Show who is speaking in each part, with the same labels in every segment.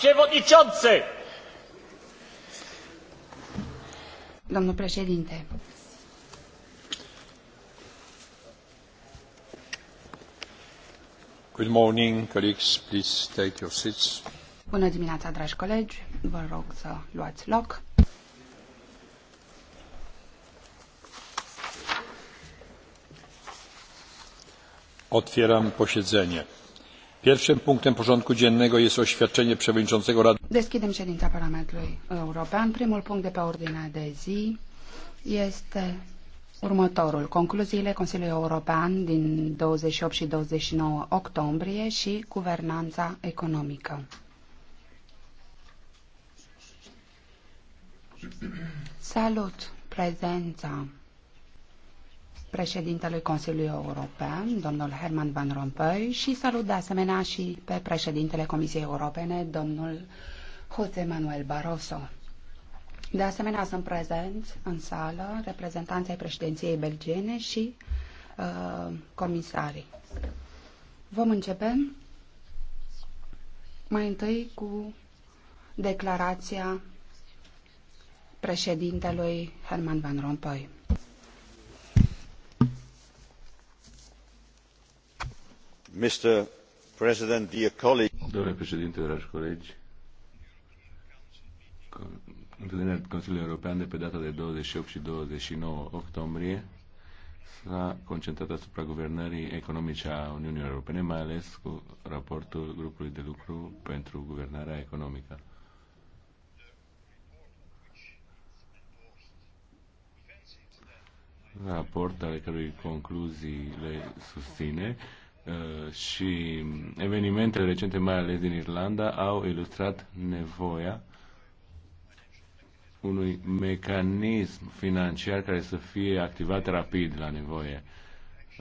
Speaker 1: przewodniczący!
Speaker 2: Domnul președinte. Good morning, colleagues. Please take your seats. Bună dimineața, dragi colegi. Vă rog să luați loc.
Speaker 3: Otwieram posiedzenie. Pierwszym punctem porządku dziennego jest oświadczenie przewodniczącego Rady.
Speaker 2: Deschidem ședința Parlamentului European. Primul punct de pe ordinea de zi este următorul. Concluziile Consiliului European din 28 și 29 octombrie și guvernanța economică. Salut prezența președintelui Consiliului European, domnul Herman Van Rompuy, și salut de asemenea și pe președintele Comisiei Europene, domnul José Manuel Barroso. De asemenea, sunt prezent în sală reprezentanții președinției belgiene și uh, comisarii. Vom începe mai întâi cu declarația președintelui Herman Van Rompuy.
Speaker 1: Domnule președinte, dragi colegi, întâlnirea Consiliului European de pe data de douăzeci și și nouă octombrie s-a concentrat asupra guvernării economice a Uniunii Europene, mai ales cu raportul grupului de lucru pentru guvernarea economică. Raport ale cărui concluzii le susține Uh, și evenimentele recente, mai ales din Irlanda, au ilustrat nevoia unui mecanism financiar care să fie activat rapid la nevoie.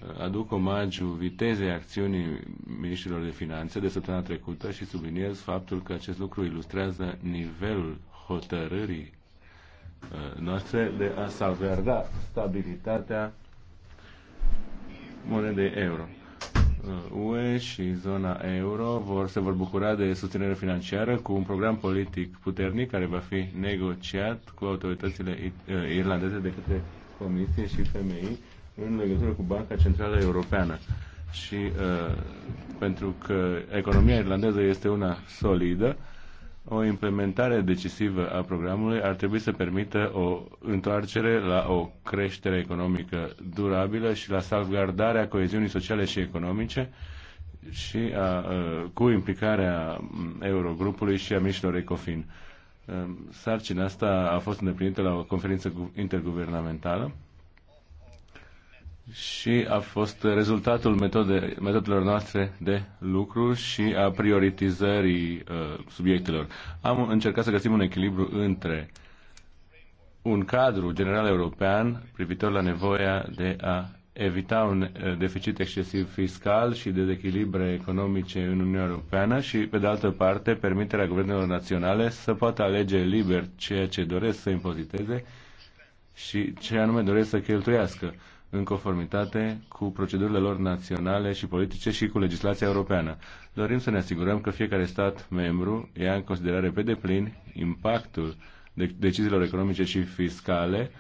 Speaker 1: Uh, aduc omagiu vitezei acțiunii ministrilor de finanțe de săptămâna trecută și subliniez faptul că acest lucru ilustrează nivelul hotărârii uh, noastre de a salvaguarda stabilitatea monedei euro. UE și zona euro vor, se vor bucura de susținere financiară cu un program politic puternic care va fi negociat cu autoritățile eh, irlandeze de către Comisie și FMI în legătură cu Banca Centrală Europeană. Și uh, pentru că economia irlandeză este una solidă, uh, o implementare decisivă a programului ar trebui să permită o întoarcere la o creștere economică durabilă și la salvgardarea coeziunii sociale și economice și a, cu implicarea Eurogrupului și a mișilor ECOFIN. Sarcina asta a fost îndeplinită la o conferință interguvernamentală și a fost rezultatul metode, metodelor noastre de lucru și a prioritizării uh, subiectelor. Am încercat să găsim un echilibru între un cadru general european privitor la nevoia de a evita un uh, deficit excesiv fiscal și dezechilibre economice în Uniunea Europeană și, pe de altă parte, permiterea guvernelor naționale să poată alege liber ceea ce doresc să impoziteze și ce anume doresc să cheltuiască în conformitate cu procedurile lor naționale și politice și cu legislația europeană. Dorim să ne asigurăm că fiecare stat membru ia în considerare pe deplin impactul deciziilor economice și fiscale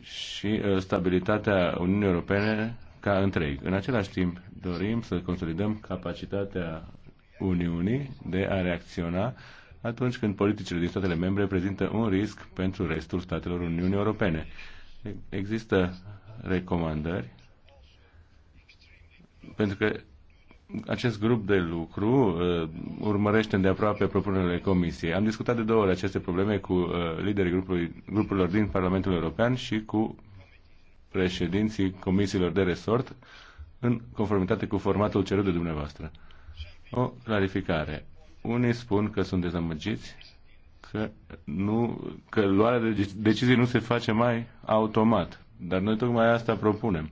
Speaker 1: și uh, stabilitatea Uniunii Europene ca întreg. În același timp, dorim să consolidăm capacitatea Uniunii de a reacționa atunci când politicile din statele membre prezintă un risc pentru restul statelor Uniunii Europene. Există recomandări, pentru că acest grup de lucru uh, urmărește îndeaproape propunerile Comisiei. Am discutat de două ori aceste probleme cu uh, liderii grupului, grupurilor din Parlamentul European și cu președinții comisiilor de resort în conformitate cu formatul cerut de dumneavoastră. O clarificare. Unii spun că sunt dezamăgiți că, nu, că luarea de deci- decizii nu se face mai automat. Dar noi tocmai asta propunem.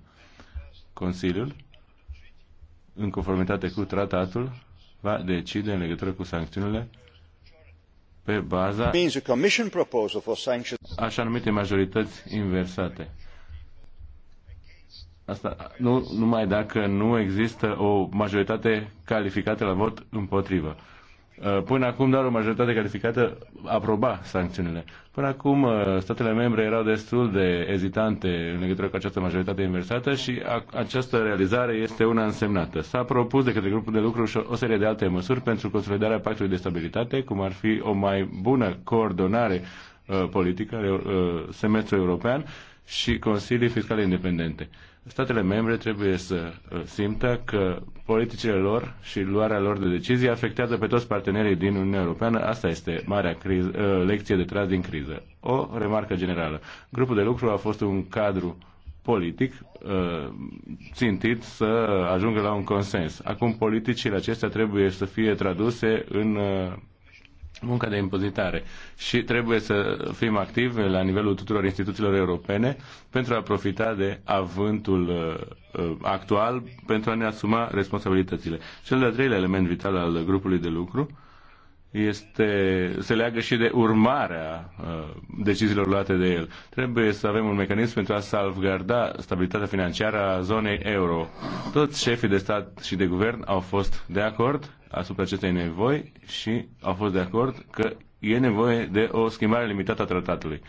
Speaker 1: Consiliul, în conformitate cu tratatul, va decide în legătură cu sancțiunile pe baza așa numite majorități inversate. Asta nu, numai dacă nu există o majoritate calificată la vot împotrivă. Uh, până acum doar o majoritate calificată aproba sancțiunile. Până acum uh, statele membre erau destul de ezitante în legătură cu această majoritate inversată și această realizare este una însemnată. S-a propus de către grupul de lucru și o serie de alte măsuri pentru consolidarea pactului de stabilitate, cum ar fi o mai bună coordonare uh, politică, semestru european și consilii fiscale independente statele membre trebuie să uh, simtă că politicile lor și luarea lor de decizii afectează pe toți partenerii din Uniunea Europeană. Asta este marea criză, uh, lecție de tras din criză. O remarcă generală. Grupul de lucru a fost un cadru politic uh, țintit să ajungă la un consens. Acum politicile acestea trebuie să fie traduse în munca de impozitare și trebuie să fim activi la nivelul tuturor instituțiilor europene pentru a profita de avântul uh, uh, actual pentru a ne asuma responsabilitățile. Cel de-al treilea element vital al grupului de lucru este, se leagă și de urmarea uh, deciziilor luate de el. Trebuie să avem un mecanism pentru a salvgarda stabilitatea financiară a zonei euro. Toți șefii de stat și de guvern au fost de acord asupra acestei nevoi și au fost de acord că e nevoie de o schimbare limitată a tratatului.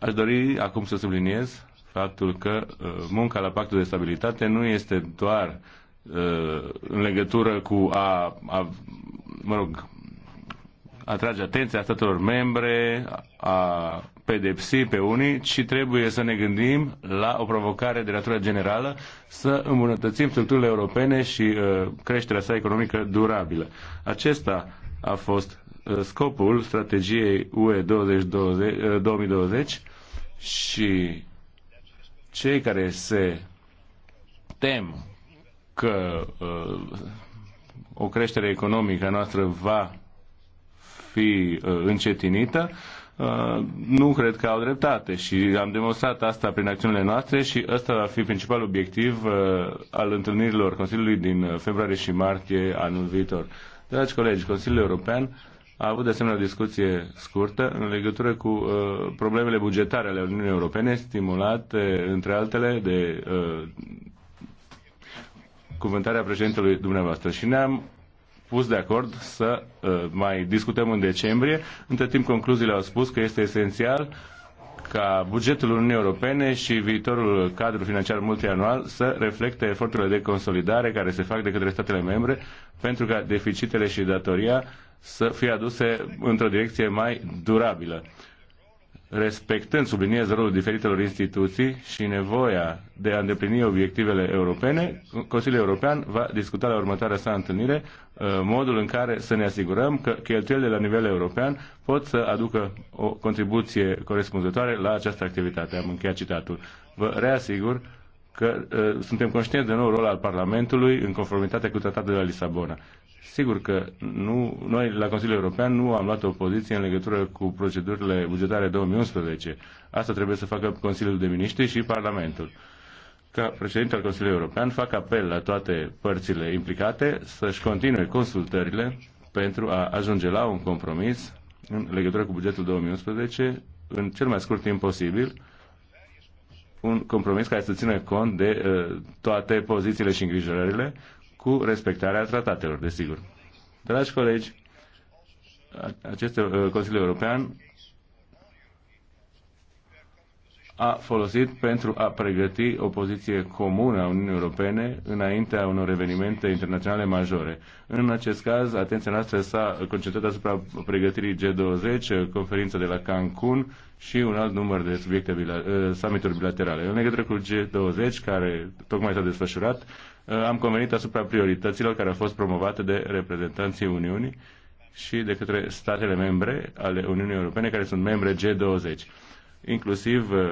Speaker 1: Aș dori acum să subliniez faptul că uh, munca la pactul de stabilitate nu este doar uh, în legătură cu a, a mă rog, atrage atenția statelor membre, a pedepsi pe unii, ci trebuie să ne gândim la o provocare de natură generală, să îmbunătățim structurile europene și uh, creșterea sa economică durabilă. Acesta a fost uh, scopul strategiei UE 2020, uh, 2020 și cei care se tem că uh, o creștere economică a noastră va fi uh, încetinită, Uh, nu cred că au dreptate și am demonstrat asta prin acțiunile noastre și ăsta va fi principalul obiectiv uh, al întâlnirilor Consiliului din februarie și martie anul viitor. Dragi colegi, Consiliul European a avut de asemenea o discuție scurtă în legătură cu uh, problemele bugetare ale Uniunii Europene, stimulate, între altele, de uh, cuvântarea președintelui dumneavoastră. Și ne-am pus de acord să uh, mai discutăm în decembrie. Între timp, concluziile au spus că este esențial ca bugetul Uniunii Europene și viitorul cadru financiar multianual să reflecte eforturile de consolidare care se fac de către statele membre pentru ca deficitele și datoria să fie aduse într-o direcție mai durabilă respectând, subliniez rolul diferitelor instituții și nevoia de a îndeplini obiectivele europene, Consiliul European va discuta la următoarea sa întâlnire uh, modul în care să ne asigurăm că cheltuielile la nivel european pot să aducă o contribuție corespunzătoare la această activitate. Am încheiat citatul. Vă reasigur că uh, suntem conștienți de nou rol al Parlamentului în conformitate cu tratatul de la Lisabona Sigur că nu, noi la Consiliul European nu am luat o poziție în legătură cu procedurile bugetare 2011. Asta trebuie să facă Consiliul de Miniștri și Parlamentul. Ca președinte al Consiliului European fac apel la toate părțile implicate să-și continue consultările pentru a ajunge la un compromis în legătură cu bugetul 2011 în cel mai scurt timp posibil, un compromis care să țină cont de uh, toate pozițiile și îngrijorările, cu respectarea tratatelor, desigur. Dragi colegi, acest uh, Consiliu European a folosit pentru a pregăti o poziție comună a Uniunii Europene înaintea unor evenimente internaționale majore. În acest caz, atenția noastră s-a concentrat asupra pregătirii G20, conferința de la Cancun și un alt număr de subiecte bila- uh, summituri bilaterale. În legătură cu G20, care tocmai s-a desfășurat, Uh, am convenit asupra priorităților care au fost promovate de reprezentanții Uniunii și de către statele membre ale Uniunii Europene care sunt membre G20, inclusiv uh,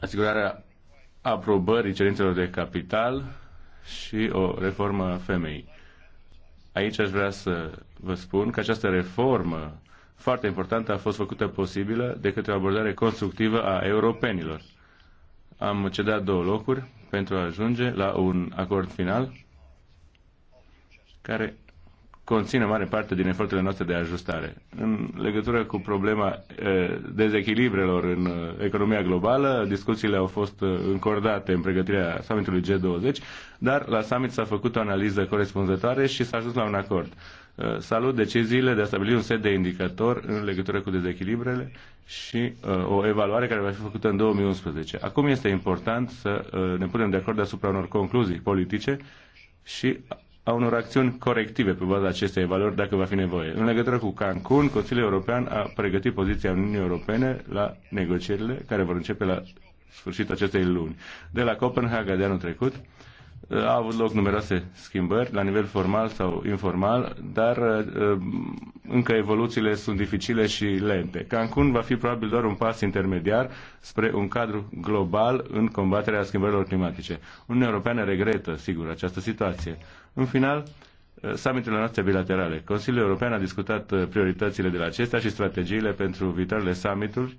Speaker 1: asigurarea aprobării cerințelor de capital și o reformă femei. femeii. Aici aș vrea să vă spun că această reformă foarte importantă a fost făcută posibilă de către o abordare constructivă a europenilor. Am cedat două locuri pentru a ajunge la un acord final care conține mare parte din eforturile noastre de ajustare. În legătură cu problema eh, dezechilibrelor în eh, economia globală, discuțiile au fost eh, încordate în pregătirea summitului G20, dar la summit s-a făcut o analiză corespunzătoare și s-a ajuns la un acord. Uh, salut deciziile de a stabili un set de indicatori în legătură cu dezechilibrele și uh, o evaluare care va fi făcută în 2011. Acum este important să uh, ne punem de acord asupra unor concluzii politice și a unor acțiuni corective pe baza acestei valori, dacă va fi nevoie. În legătură cu Cancun, Consiliul European a pregătit poziția Uniunii Europene la negocierile care vor începe la sfârșitul acestei luni. De la Copenhaga de anul trecut, a avut loc numeroase schimbări, la nivel formal sau informal, dar uh, încă evoluțiile sunt dificile și lente. Cancun va fi probabil doar un pas intermediar spre un cadru global în combaterea schimbărilor climatice. Uniunea Europeană regretă, sigur, această situație. În final, uh, summiturile noastre bilaterale. Consiliul European a discutat uh, prioritățile de la acestea și strategiile pentru viitoarele summituri,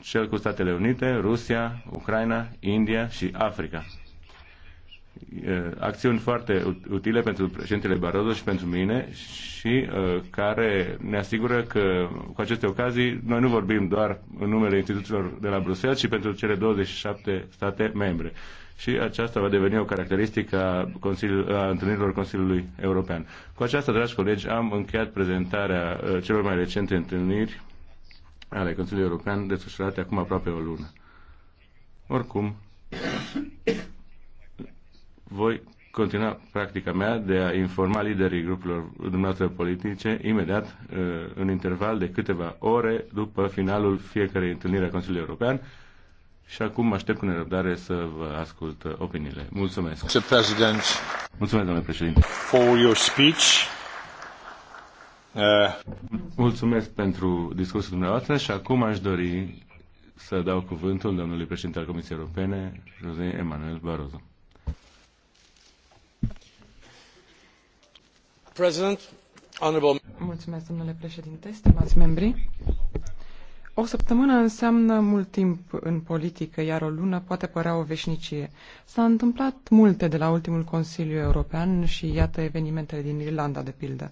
Speaker 1: cel cu Statele Unite, Rusia, Ucraina, India și Africa. Uh, acțiuni foarte utile pentru președintele Barroso și pentru mine și uh, care ne asigură că cu aceste ocazii noi nu vorbim doar în numele instituțiilor de la Bruxelles, ci pentru cele 27 state membre. Și aceasta va deveni o caracteristică a, Consiliul, a întâlnirilor Consiliului European. Cu aceasta, dragi colegi, am încheiat prezentarea uh, celor mai recente întâlniri ale Consiliului European desfășurate acum aproape o lună. Oricum, voi continua practica mea de a informa liderii grupurilor dumneavoastră politice imediat uh, în interval de câteva ore după finalul fiecarei întâlniri a Consiliului European și acum aștept cu nerăbdare să vă ascult opiniile. Mulțumesc. Mulțumesc, domnule președinte. For your speech. Uh. Mulțumesc pentru discursul dumneavoastră și acum aș dori să dau cuvântul domnului președinte al Comisiei Europene, José Emanuel Barroso.
Speaker 3: Mulțumesc, membri. O săptămână înseamnă mult timp în politică, iar o lună poate părea o veșnicie. S-a întâmplat multe de la ultimul Consiliu European și iată evenimentele din Irlanda, de pildă.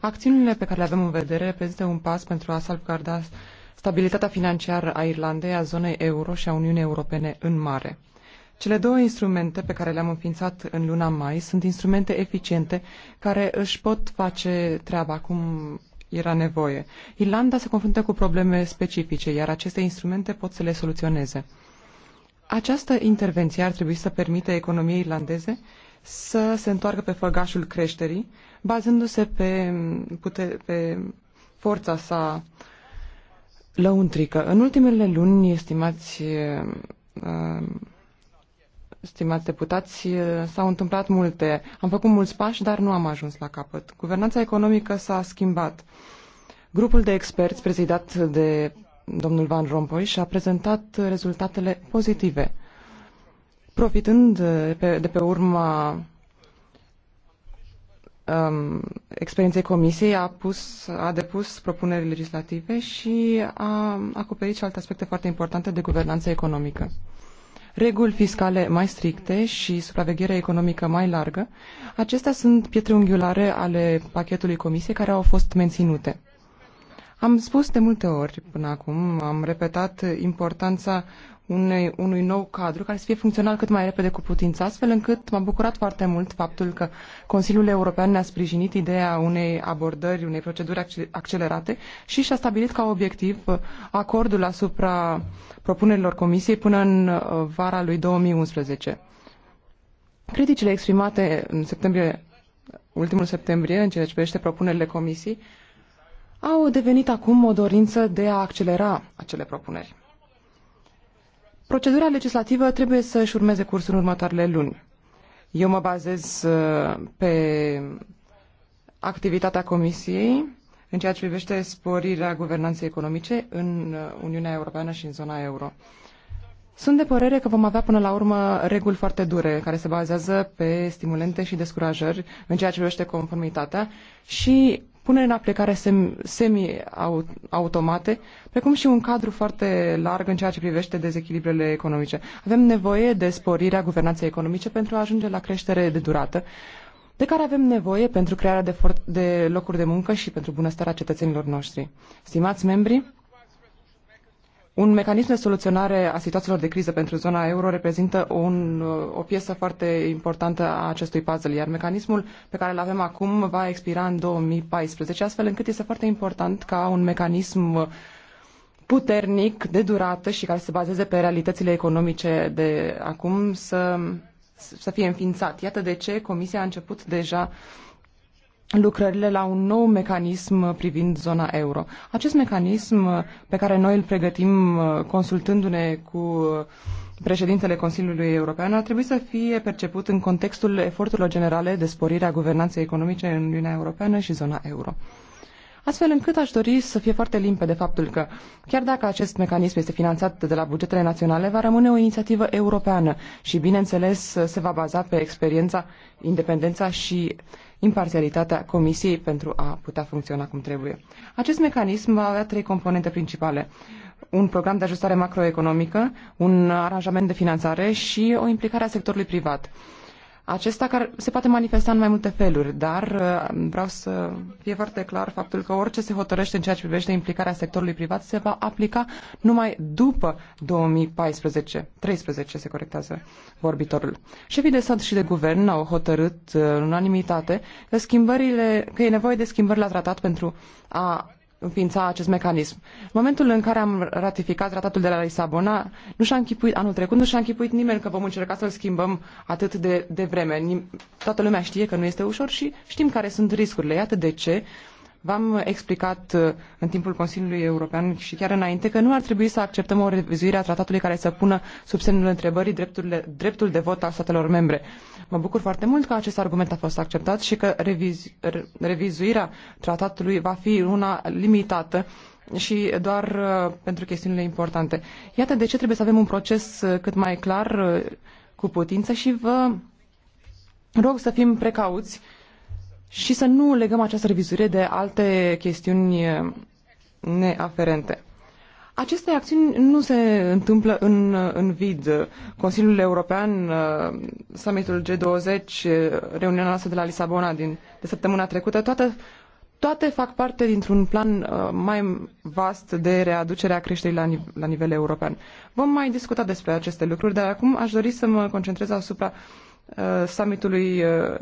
Speaker 3: Acțiunile pe care le avem în vedere reprezintă un pas pentru a salvaguarda stabilitatea financiară a Irlandei, a zonei euro și a Uniunii Europene în mare. Cele două instrumente pe care le-am înființat în luna mai sunt instrumente eficiente care își pot face treaba cum era nevoie. Irlanda se confruntă cu probleme specifice, iar aceste instrumente pot să le soluționeze. Această intervenție ar trebui să permite economiei irlandeze să se întoarcă pe făgașul creșterii, bazându-se pe, pute, pe forța sa lăuntrică. În ultimele luni, estimați uh, Stimați deputați, s-au întâmplat multe. Am făcut mulți pași, dar nu am ajuns la capăt. Guvernanța economică s-a schimbat. Grupul de experți prezidat de domnul Van Rompuy și-a prezentat rezultatele pozitive. Profitând de pe, de pe urma um, experienței comisiei, a, pus, a depus propuneri legislative și a acoperit și alte aspecte foarte importante de guvernanță economică reguli fiscale mai stricte și supraveghere economică mai largă, acestea sunt pietre unghiulare ale pachetului comisiei care au fost menținute. Am spus de multe ori până acum, am repetat importanța unei, unui nou cadru care să fie funcțional cât mai repede cu putință, astfel încât m-a bucurat foarte mult faptul că Consiliul European ne-a sprijinit ideea unei abordări, unei proceduri accelerate și și-a stabilit ca obiectiv uh, acordul asupra propunerilor Comisiei până în uh, vara lui 2011. Criticile exprimate în septembrie, ultimul septembrie, în ceea ce privește propunerile Comisiei, au devenit acum o dorință de a accelera acele propuneri. Procedura legislativă trebuie să își urmeze cursul în următoarele luni. Eu mă bazez uh, pe activitatea Comisiei în ceea ce privește sporirea guvernanței economice în uh, Uniunea Europeană și în zona euro. Sunt de părere că vom avea până la urmă reguli foarte dure care se bazează pe stimulente și descurajări în ceea ce privește conformitatea și punere în aplicare sem- semi-automate, precum și un cadru foarte larg în ceea ce privește dezechilibrele economice. Avem nevoie de sporirea guvernanței economice pentru a ajunge la creștere de durată, de care avem nevoie pentru crearea de, de locuri de muncă și pentru bunăstarea cetățenilor noștri. Stimați membri, un mecanism de soluționare a situațiilor de criză pentru zona euro reprezintă un, o piesă foarte importantă a acestui puzzle, iar mecanismul pe care îl avem acum va expira în 2014, astfel încât este foarte important ca un mecanism puternic, de durată și care se bazeze pe realitățile economice de acum să, să fie înființat. Iată de ce Comisia a început deja lucrările la un nou mecanism privind zona euro. Acest mecanism pe care noi îl pregătim uh, consultându-ne cu uh, președintele Consiliului European ar trebui să fie perceput în contextul eforturilor generale de sporire a guvernanței economice în Uniunea Europeană și zona euro astfel încât aș dori să fie foarte limpede faptul că, chiar dacă acest mecanism este finanțat de la bugetele naționale, va rămâne o inițiativă europeană și, bineînțeles, se va baza pe experiența, independența și imparțialitatea Comisiei pentru a putea funcționa cum trebuie. Acest mecanism va avea trei componente principale. Un program de ajustare macroeconomică, un aranjament de finanțare și o implicare a sectorului privat acesta care se poate manifesta în mai multe feluri, dar uh, vreau să fie foarte clar faptul că orice se hotărăște în ceea ce privește implicarea sectorului privat se va aplica numai după 2014. 13 se corectează vorbitorul. Șefii de stat și de guvern au hotărât uh, în unanimitate că schimbările, că e nevoie de schimbări la tratat pentru a înființa acest mecanism. În momentul în care am ratificat tratatul de la Lisabona, nu și-a închipuit, anul trecut nu și-a închipuit nimeni că vom încerca să-l schimbăm atât de, de vreme. Toată lumea știe că nu este ușor și știm care sunt riscurile. Iată de ce V-am explicat uh, în timpul Consiliului European și chiar înainte că nu ar trebui să acceptăm o revizuire a tratatului care să pună sub semnul întrebării dreptul de vot al statelor membre. Mă bucur foarte mult că acest argument a fost acceptat și că revizuirea tratatului va fi una limitată și doar uh, pentru chestiunile importante. Iată de ce trebuie să avem un proces uh, cât mai clar cu putință și vă rog să fim precauți și să nu legăm această revizuire de alte chestiuni eh, neaferente. Aceste acțiuni nu se întâmplă în, eh, în vid. Consiliul European, eh, summitul G20, reuniunea noastră de la Lisabona din, de săptămâna trecută, toate, toate fac parte dintr-un plan mai vast de readucere a creșterii la, la nivel european. Vom mai discuta despre aceste lucruri, dar acum aș dori să mă concentrez asupra uh, summitului uh,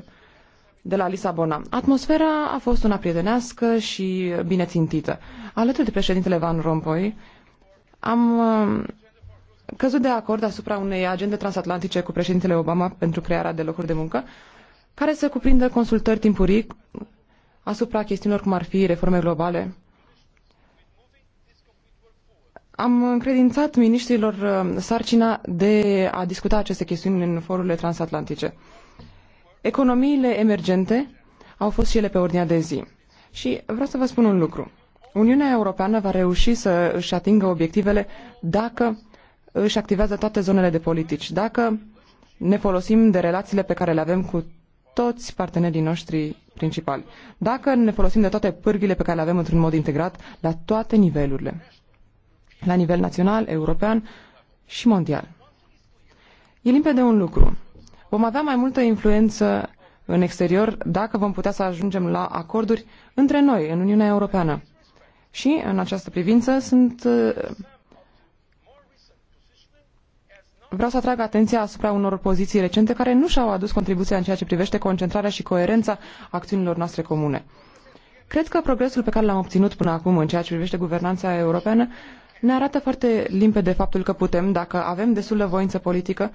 Speaker 3: de la Lisabona. Atmosfera a fost una prietenească și bine țintită. Alături de președintele Van Rompuy, am uh, căzut de acord asupra unei agende transatlantice cu președintele Obama pentru crearea de locuri de muncă, care să cuprindă consultări timpurii asupra chestiunilor cum ar fi reforme globale. Am încredințat ministrilor uh, sarcina de a discuta aceste chestiuni în forurile transatlantice. Economiile emergente au fost și ele pe ordinea de zi. Și vreau să vă spun un lucru. Uniunea Europeană va reuși să își atingă obiectivele dacă își activează toate zonele de politici, dacă ne folosim de relațiile pe care le avem cu toți partenerii noștri principali, dacă ne folosim de toate pârghile pe care le avem într-un mod integrat la toate nivelurile, la nivel național, european și mondial. E limpede un lucru. Vom avea mai multă influență în exterior dacă vom putea să ajungem la acorduri între noi, în Uniunea Europeană. Și, în această privință, sunt... Uh, vreau să atrag atenția asupra unor poziții recente care nu și-au adus contribuția în ceea ce privește concentrarea și coerența acțiunilor noastre comune. Cred că progresul pe care l-am obținut până acum în ceea ce privește guvernanța europeană ne arată foarte limpede faptul că putem, dacă avem destulă voință politică,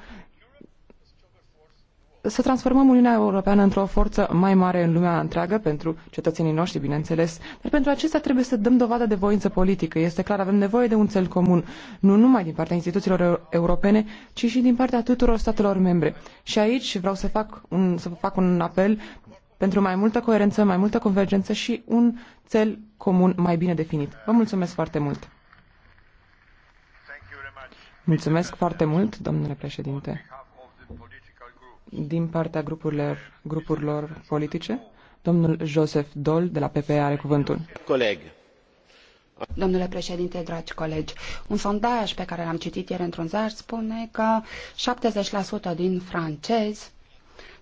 Speaker 3: să transformăm Uniunea Europeană într-o forță mai mare în lumea întreagă, pentru cetățenii noștri, bineînțeles, dar pentru acesta trebuie să dăm dovadă de voință politică. Este clar, avem nevoie de un cel comun, nu numai din partea instituțiilor europene, ci și din partea tuturor statelor membre. Și aici vreau să fac un, să fac un apel pentru mai multă coerență, mai multă convergență și un cel comun mai bine definit. Vă mulțumesc foarte mult! Mulțumesc foarte mult, domnule președinte din partea grupurilor, grupurilor politice. Domnul Joseph Dol de la PPE are cuvântul.
Speaker 1: Coleg.
Speaker 2: Domnule președinte, dragi colegi, un sondaj pe care l-am citit ieri într-un ziar spune că 70% din francezi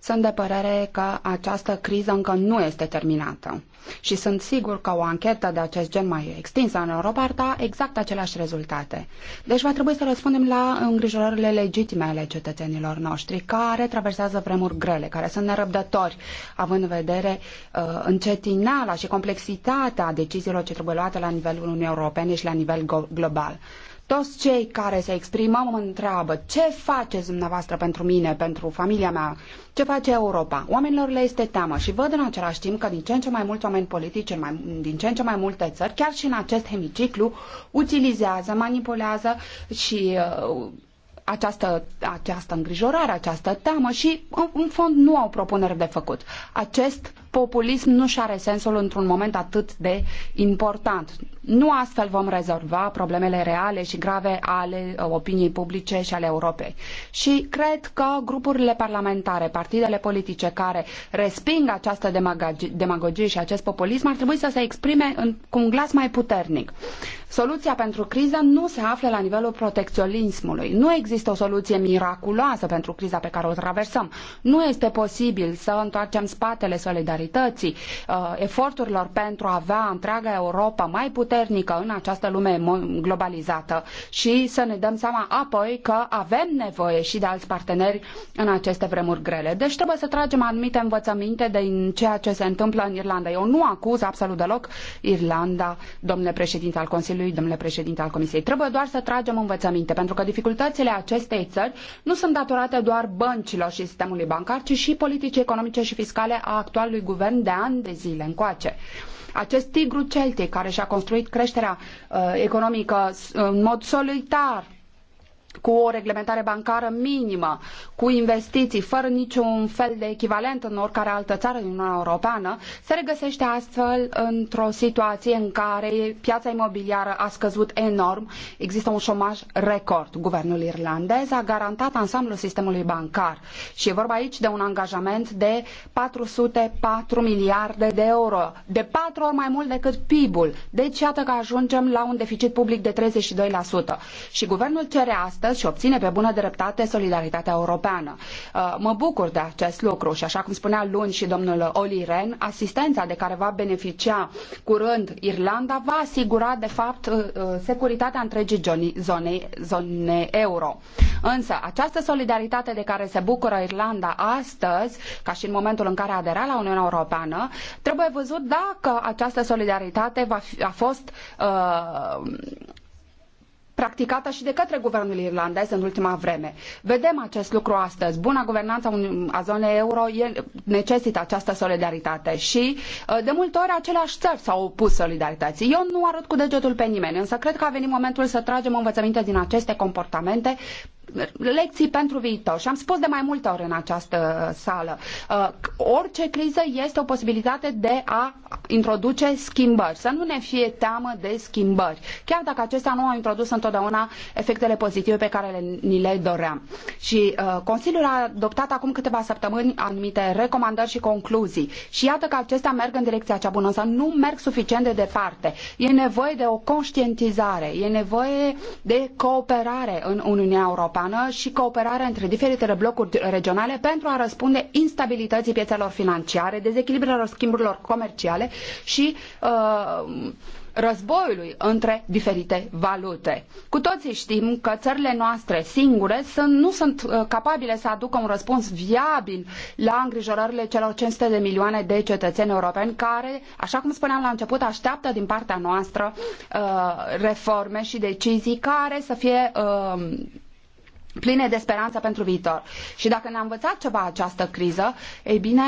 Speaker 2: sunt de părere că această criză încă nu este terminată și sunt sigur că o anchetă de acest gen mai extinsă în Europa ar da exact aceleași rezultate. Deci va trebui să răspundem la îngrijorările legitime ale cetățenilor noștri care traversează vremuri grele, care sunt nerăbdători, având în vedere uh, încetinala și complexitatea deciziilor ce trebuie luate la nivelul Uniunii Europene și la nivel global. Toți cei care se exprimă mă întreabă ce faceți dumneavoastră pentru mine, pentru familia mea, ce face Europa. Oamenilor le este teamă și văd în același timp că din ce în ce mai mulți oameni politici, din ce în ce mai multe țări, chiar și în acest hemiciclu, utilizează, manipulează și uh, această, această îngrijorare, această teamă și, în, în fond, nu au propuneri de făcut. Acest populism nu și are sensul într-un moment atât de important. Nu astfel vom rezolva problemele reale și grave ale uh, opiniei publice și ale Europei. Și cred că grupurile parlamentare, partidele politice care resping această demagogie și acest populism ar trebui să se exprime cu un glas mai puternic. Soluția pentru criză nu se află la nivelul protecționismului. Nu există o soluție miraculoasă pentru criza pe care o traversăm. Nu este posibil să întoarcem spatele solidarității solidarității, uh, eforturilor pentru a avea întreaga Europa mai puternică în această lume globalizată și să ne dăm seama apoi că avem nevoie și de alți parteneri în aceste vremuri grele. Deci trebuie să tragem anumite învățăminte din ceea ce se întâmplă în Irlanda. Eu nu acuz absolut deloc Irlanda, domnule președinte al Consiliului, domnule președinte al Comisiei. Trebuie doar să tragem învățăminte, pentru că dificultățile acestei țări nu sunt datorate doar băncilor și sistemului bancar, ci și politicii economice și fiscale a actualului guvern guvern de ani de zile încoace. Acest tigru celtic care și-a construit creșterea uh, economică uh, în mod solitar, cu o reglementare bancară minimă, cu investiții fără niciun fel de echivalent în oricare altă țară din Uniunea Europeană, se regăsește astfel într-o situație în care piața imobiliară a scăzut enorm, există un șomaj record. Guvernul irlandez a garantat ansamblul sistemului bancar și e vorba aici de un angajament de 404 miliarde de euro, de patru ori mai mult decât PIB-ul. Deci iată că ajungem la un deficit public de 32% și guvernul cere asta solidarități și obține pe bună dreptate solidaritatea europeană. Uh, mă bucur de acest lucru și așa cum spunea luni și domnul Oli Ren, asistența de care va beneficia curând Irlanda va asigura de fapt uh, uh, securitatea întregii zone, euro. Însă această solidaritate de care se bucură Irlanda astăzi, ca și în momentul în care adera la Uniunea Europeană, trebuie văzut dacă această solidaritate va fi, a fost uh, practicată și de către guvernul irlandez în ultima vreme. Vedem acest lucru astăzi. Buna guvernanță a zonei euro e, necesită această solidaritate și uh, de multe ori aceleași țări s-au opus solidarității. Eu nu arăt cu degetul pe nimeni, însă cred că a venit momentul să tragem învățăminte din aceste comportamente lecții pentru viitor. Și am spus de mai multe ori în această sală, uh, orice criză este o posibilitate de a introduce schimbări. Să nu ne fie teamă de schimbări, chiar dacă acestea nu au introdus întotdeauna efectele pozitive pe care le, ni le doream. Și uh, Consiliul a adoptat acum câteva săptămâni anumite recomandări și concluzii. Și iată că acestea merg în direcția cea bună, însă nu merg suficient de departe. E nevoie de o conștientizare, e nevoie de cooperare în Uniunea Europeană Europeană și cooperarea între diferitele blocuri regionale pentru a răspunde instabilității piețelor financiare, dezechilibrelor schimburilor comerciale și uh, războiului între diferite valute. Cu toții știm că țările noastre singure sunt, nu sunt uh, capabile să aducă un răspuns viabil la îngrijorările celor 500 de milioane de cetățeni europeni care, așa cum spuneam la început, așteaptă din partea noastră uh, reforme și decizii care să fie uh, pline de speranță pentru viitor. Și dacă ne-a învățat ceva această criză, ei bine,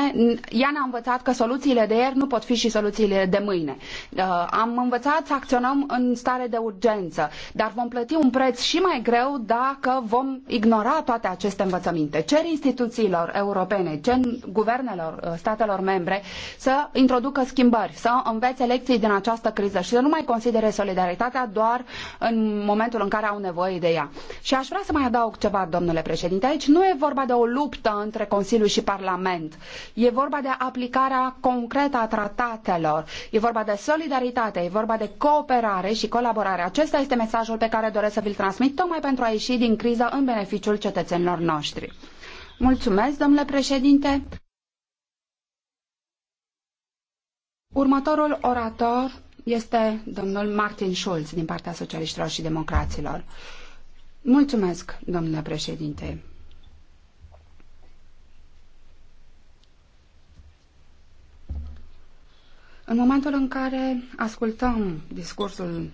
Speaker 2: ea ne-a învățat că soluțiile de ieri nu pot fi și soluțiile de mâine. Uh, am învățat să acționăm în stare de urgență, dar vom plăti un preț și mai greu dacă vom ignora toate aceste învățăminte. Cer instituțiilor europene, cer guvernelor uh, statelor membre să introducă schimbări, să învețe lecții din această criză și să nu mai considere solidaritatea doar în momentul în care au nevoie de ea. Și aș vrea să mai adaug ceva, domnule președinte. Aici nu e vorba de o luptă între Consiliu și Parlament. E vorba de aplicarea concretă a tratatelor. E vorba de solidaritate, e vorba de cooperare și colaborare. Acesta este mesajul pe care doresc să vi-l transmit, tocmai pentru a ieși din criză în beneficiul cetățenilor noștri. Mulțumesc, domnule președinte. Următorul orator este domnul Martin Schulz din partea socialiștilor și democraților. Mulțumesc, domnule președinte. În momentul în care ascultăm discursul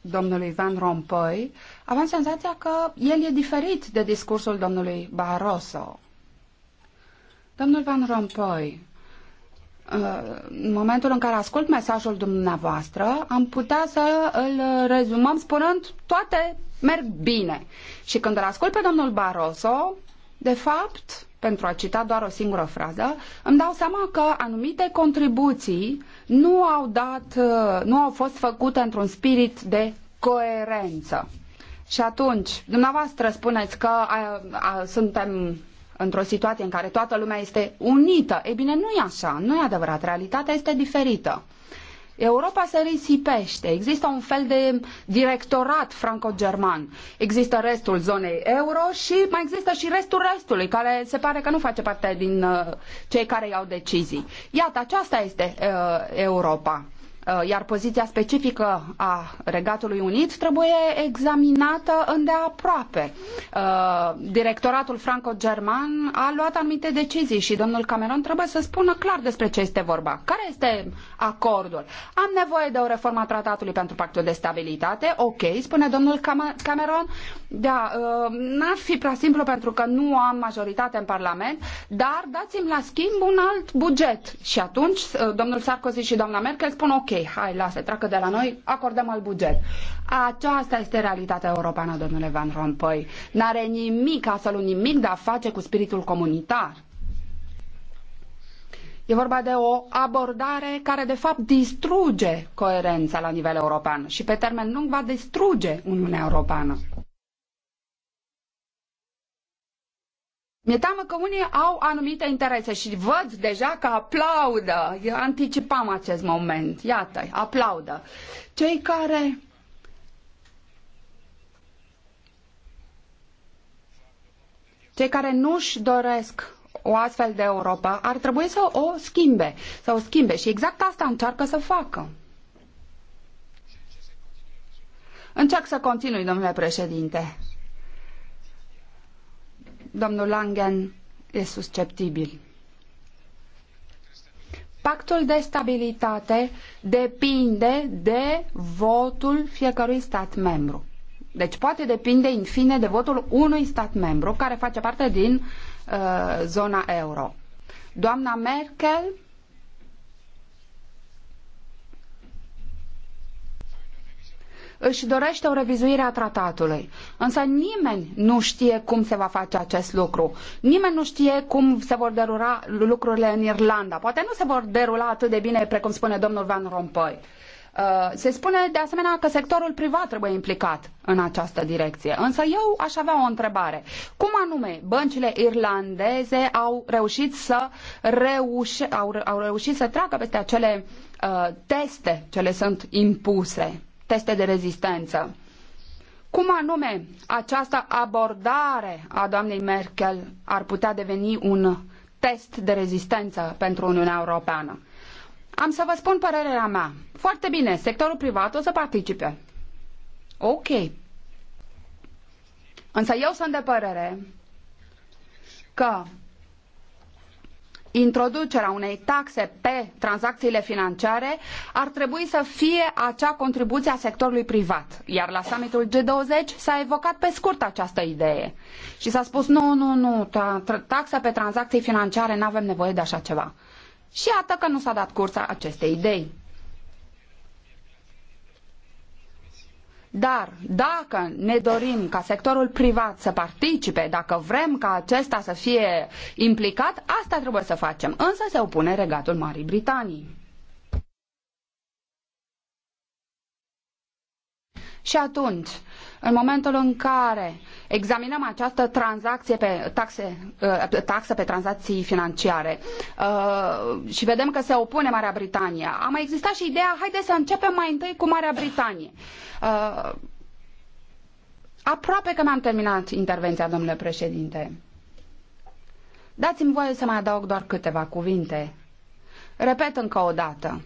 Speaker 2: domnului Van Rompuy, avem senzația că el e diferit de discursul domnului Barroso. Domnul Van Rompuy, uh, în momentul în care ascult mesajul dumneavoastră, am putea să îl rezumăm spunând toate merg bine. Și când îl ascult pe domnul Barroso, de fapt, pentru a cita doar o singură frază, îmi dau seama că anumite contribuții nu au, dat, nu au fost făcute într-un spirit de coerență. Și atunci, dumneavoastră spuneți că a, a, suntem într-o situație în care toată lumea este unită. Ei bine, nu e așa, nu e adevărat, realitatea este diferită. Europa se risipește, există un fel de directorat franco-german, există restul zonei euro și mai există și restul restului, care se pare că nu face parte din uh, cei care iau decizii. Iată, aceasta este uh, Europa. Uh, iar poziția specifică a Regatului Unit trebuie examinată îndeaproape. Uh, directoratul franco-german a luat anumite decizii și domnul Cameron trebuie să spună clar despre ce este vorba. Care este acordul? Am nevoie de o reformă a tratatului pentru pactul de stabilitate, ok, spune domnul Cameron, da, uh, n-ar fi prea simplu pentru că nu am majoritate în Parlament, dar dați-mi la schimb un alt buget. Și atunci domnul Sarkozy și doamna Merkel spun ok, ok, hai, lasă, treacă de la noi, acordăm al buget. Aceasta este realitatea europeană, domnule Van Rompuy. N-are nimic, absolut nimic de a face cu spiritul comunitar. E vorba de o abordare care, de fapt, distruge coerența la nivel european și, pe termen lung, va distruge Uniunea Europeană. Mi-e teamă că unii au anumite interese și văd deja că aplaudă. Eu anticipam acest moment. Iată, aplaudă. Cei care cei care nu-și doresc o astfel de Europa ar trebui să o schimbe, să o schimbe și exact asta încearcă să facă. Încerc să continui, domnule președinte domnul Langen e susceptibil. Pactul de stabilitate depinde de votul fiecărui stat membru. Deci poate depinde, în fine, de votul unui stat membru care face parte din uh, zona euro. Doamna Merkel își dorește o revizuire a tratatului. Însă nimeni nu știe cum se va face acest lucru. Nimeni nu știe cum se vor derula lucrurile în Irlanda. Poate nu se vor derula atât de bine precum spune domnul Van Rompuy. Uh, se spune de asemenea că sectorul privat trebuie implicat în această direcție. Însă eu aș avea o întrebare. Cum anume băncile irlandeze au reușit să, reușe, au, au reușit să treacă peste acele uh, teste ce le sunt impuse? teste de rezistență. Cum anume această abordare a doamnei Merkel ar putea deveni un test de rezistență pentru Uniunea Europeană? Am să vă spun părerea mea. Foarte bine, sectorul privat o să participe. Ok. Însă eu sunt de părere că introducerea unei taxe pe tranzacțiile financiare ar trebui să fie acea contribuție a sectorului privat. Iar la summitul G20 s-a evocat pe scurt această idee. Și s-a spus, nu, nu, nu, taxa pe tranzacții financiare, nu avem nevoie de așa ceva. Și iată că nu s-a dat curs acestei idei. Dar dacă ne dorim ca sectorul privat să participe, dacă vrem ca acesta să fie implicat, asta trebuie să facem. Însă se opune regatul Marii Britanii. Și atunci, în momentul în care examinăm această tranzacție pe taxe, uh, taxă pe tranzacții financiare uh, și vedem că se opune Marea Britanie, a mai existat și ideea, haideți să începem mai întâi cu Marea Britanie. Uh, aproape că mi-am terminat intervenția, domnule președinte. Dați-mi voie să mai adaug doar câteva cuvinte. Repet încă o dată.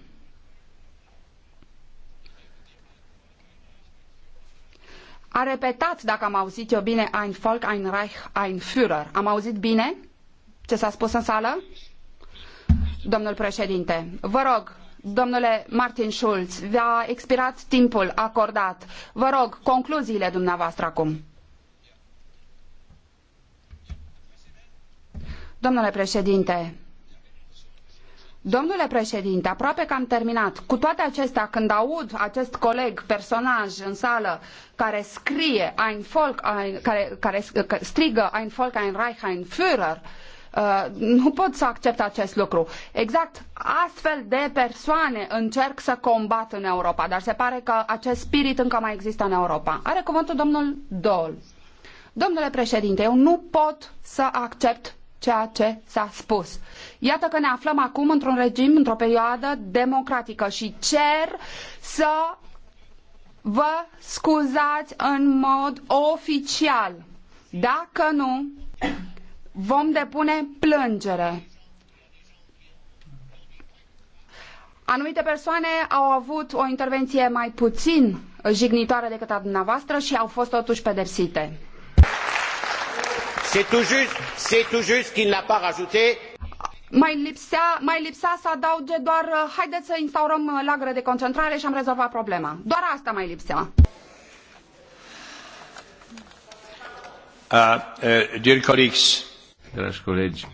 Speaker 2: a repetat, dacă am auzit eu bine, ein Volk, ein Reich, ein Führer. Am auzit bine ce s-a spus în sală? Domnul președinte, vă rog, domnule Martin Schulz, v-a expirat timpul acordat. Vă rog, concluziile dumneavoastră acum. Domnule președinte, Domnule președinte, aproape că am terminat. Cu toate acestea, când aud acest coleg, personaj în sală, care scrie Ein Volk, ein, care, care strigă Ein Volk, ein Reich, ein Führer, Uh, nu pot să accept acest lucru. Exact astfel de persoane încerc să combat în Europa, dar se pare că acest spirit încă mai există în Europa. Are cuvântul domnul Dol. Domnule președinte, eu nu pot să accept ceea ce s-a spus. Iată că ne aflăm acum într-un regim, într-o perioadă democratică și cer să vă scuzați în mod oficial. Dacă nu, vom depune plângere. Anumite persoane au avut o intervenție mai puțin jignitoare decât a dumneavoastră și au fost totuși pedepsite.
Speaker 3: C'est tout juste, c'est tout juste qu'il n'a pas rajouté.
Speaker 2: Mai lipsea, mai lipsea să adauge doar uh, haideți să instaurăm uh, lagăre de concentrare și am rezolvat problema. Doar asta mai lipsea.
Speaker 1: Uh, uh, colleagues. Dragi colegi,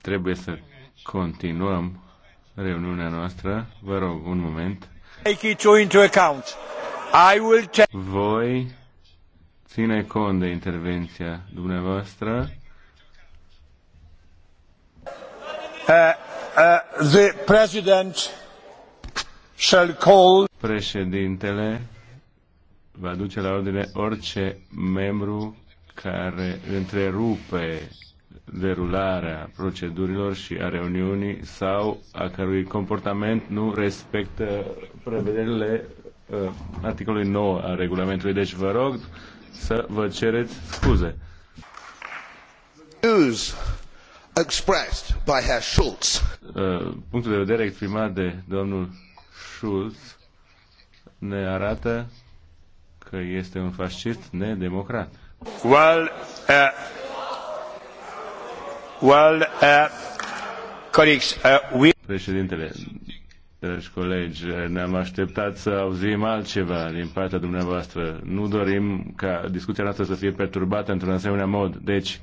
Speaker 1: trebuie să continuăm reuniunea noastră. Vă rog, un moment.
Speaker 3: Take it into account.
Speaker 1: I will Voi ține cont de intervenția dumneavoastră. Uh, uh, the president shall call... Președintele va duce la ordine orice membru care întrerupe derularea procedurilor și a reuniunii sau a cărui comportament nu respectă prevederile uh, articolului 9 al regulamentului. Deci vă rog să vă cereți scuze.
Speaker 2: News expressed by Herr Schulz.
Speaker 1: Uh, punctul de vedere exprimat de domnul Schulz ne arată că este un fascist nedemocrat. Well, uh, well, uh, colleagues, uh, we... Președintele, dragi colegi, ne-am așteptat să auzim altceva din partea dumneavoastră. Nu dorim ca discuția noastră să fie perturbată într-un asemenea mod. Deci,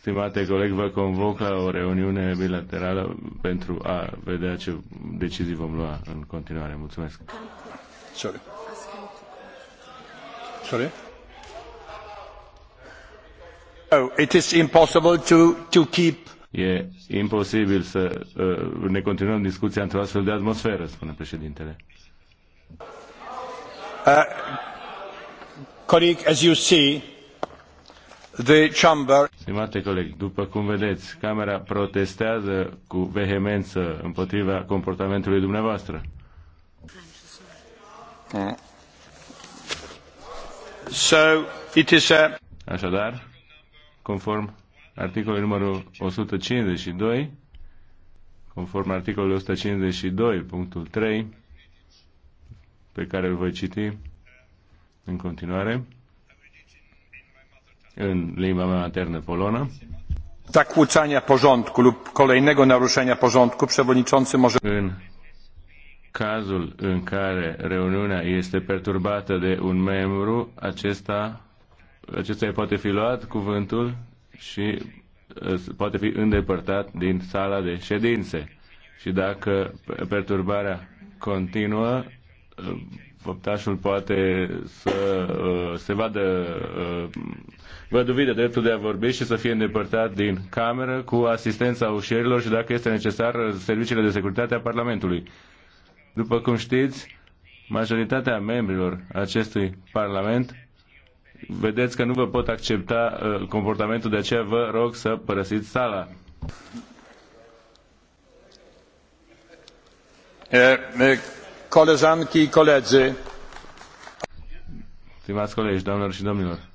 Speaker 1: stimate coleg, vă convoc la o reuniune bilaterală pentru a vedea ce decizii vom lua în continuare. Mulțumesc. Sorry. Sorry? Oh, it is impossible to, to keep E imposibil să uh, ne continuăm discuția într-o astfel de atmosferă, spune președintele. Uh, colleague, as you see, the chamber... Stimate coleg, după cum vedeți, Camera protestează cu vehemență împotriva comportamentului dumneavoastră. Mm. So, it is a... Așadar, conform articolul numărul 152, conform articolului 152, punctul 3, pe care îl voi citi în continuare, în limba mea maternă polonă. Zakłócania porządku lub kolejnego naruszenia porządku przewodniczący może... În cazul în care reuniunea este perturbată de un membru, acesta, acesta poate fi luat cuvântul și poate fi îndepărtat din sala de ședințe. Și dacă perturbarea continuă, făptașul poate să se vadă văduvit de dreptul de a vorbi și să fie îndepărtat din cameră cu asistența ușierilor și dacă este necesar serviciile de securitate a Parlamentului. După cum știți, majoritatea membrilor acestui Parlament Vedeți că nu vă pot accepta uh, comportamentul, de aceea vă rog să părăsiți sala. Koleżanki colegi, Stimați colegi, doamnelor și domnilor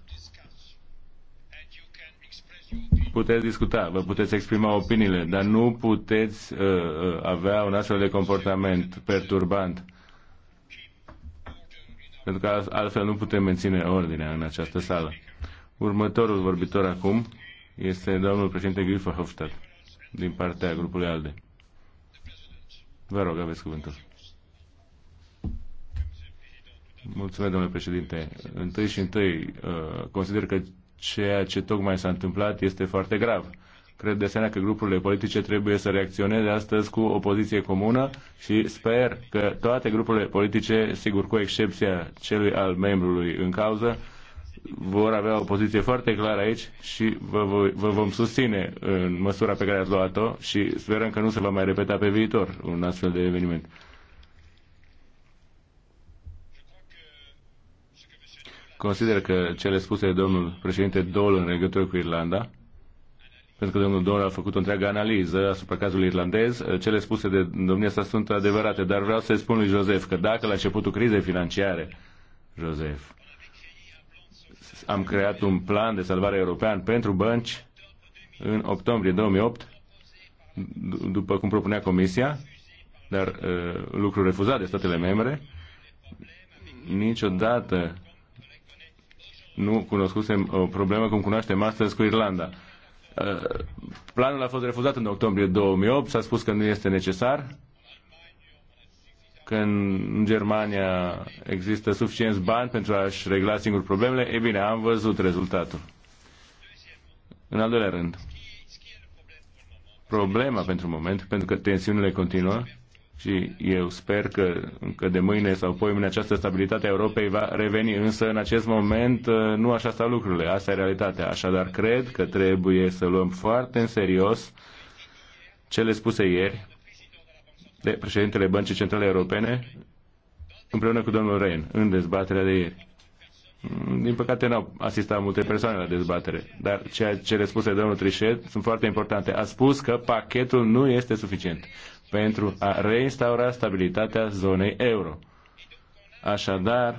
Speaker 1: puteți discuta, vă puteți exprima opiniile, dar nu puteți uh, uh avea un astfel de comportament perturbant pentru că altfel nu putem menține ordinea în această sală. Următorul vorbitor acum este domnul președinte Grifa Hofstad, din partea grupului ALDE. Vă rog, aveți cuvântul. Mulțumesc, domnule președinte. Întâi și întâi, uh, consider că ceea ce tocmai s-a întâmplat este foarte grav Cred de asemenea că grupurile politice trebuie să reacționeze astăzi cu o poziție comună și sper că toate grupurile politice, sigur cu excepția celui al membrului în cauză, vor avea o poziție foarte clară aici și vă, vă, vă vom susține în măsura pe care ați luat-o și sperăm că nu se va mai repeta pe viitor un astfel de eveniment. Consider că cele spuse de domnul președinte Dol în legătură cu Irlanda pentru că domnul Dor a făcut o întreagă analiză asupra cazului irlandez. Cele spuse de domnia sa sunt adevărate, dar vreau să-i spun lui Joseph că dacă la începutul crizei financiare, Joseph, am creat un plan de salvare european pentru bănci în octombrie 2008, după cum propunea Comisia, dar uh, lucru refuzat de statele membre, niciodată nu cunoscusem o problemă cum cunoaștem astăzi cu Irlanda Uh, planul a fost refuzat în octombrie 2008, s-a spus că nu este necesar, că în Germania există suficienți bani pentru a-și regla singur problemele. E bine, am văzut rezultatul. În al doilea rând, problema pentru moment, pentru că tensiunile continuă, și eu sper că, că de mâine sau poi în această stabilitate a Europei va reveni, însă în acest moment uh, nu așa stau lucrurile, asta e realitatea. Așadar, cred că trebuie să luăm foarte în serios cele spuse ieri de președintele Băncii Centrale Europene împreună cu domnul Rehn, în dezbaterea de ieri. Mm, din păcate n-au asistat multe persoane la dezbatere, dar ceea ce le spuse domnul Trichet sunt foarte importante. A spus că pachetul nu este suficient pentru a reinstaura stabilitatea zonei euro. Așadar,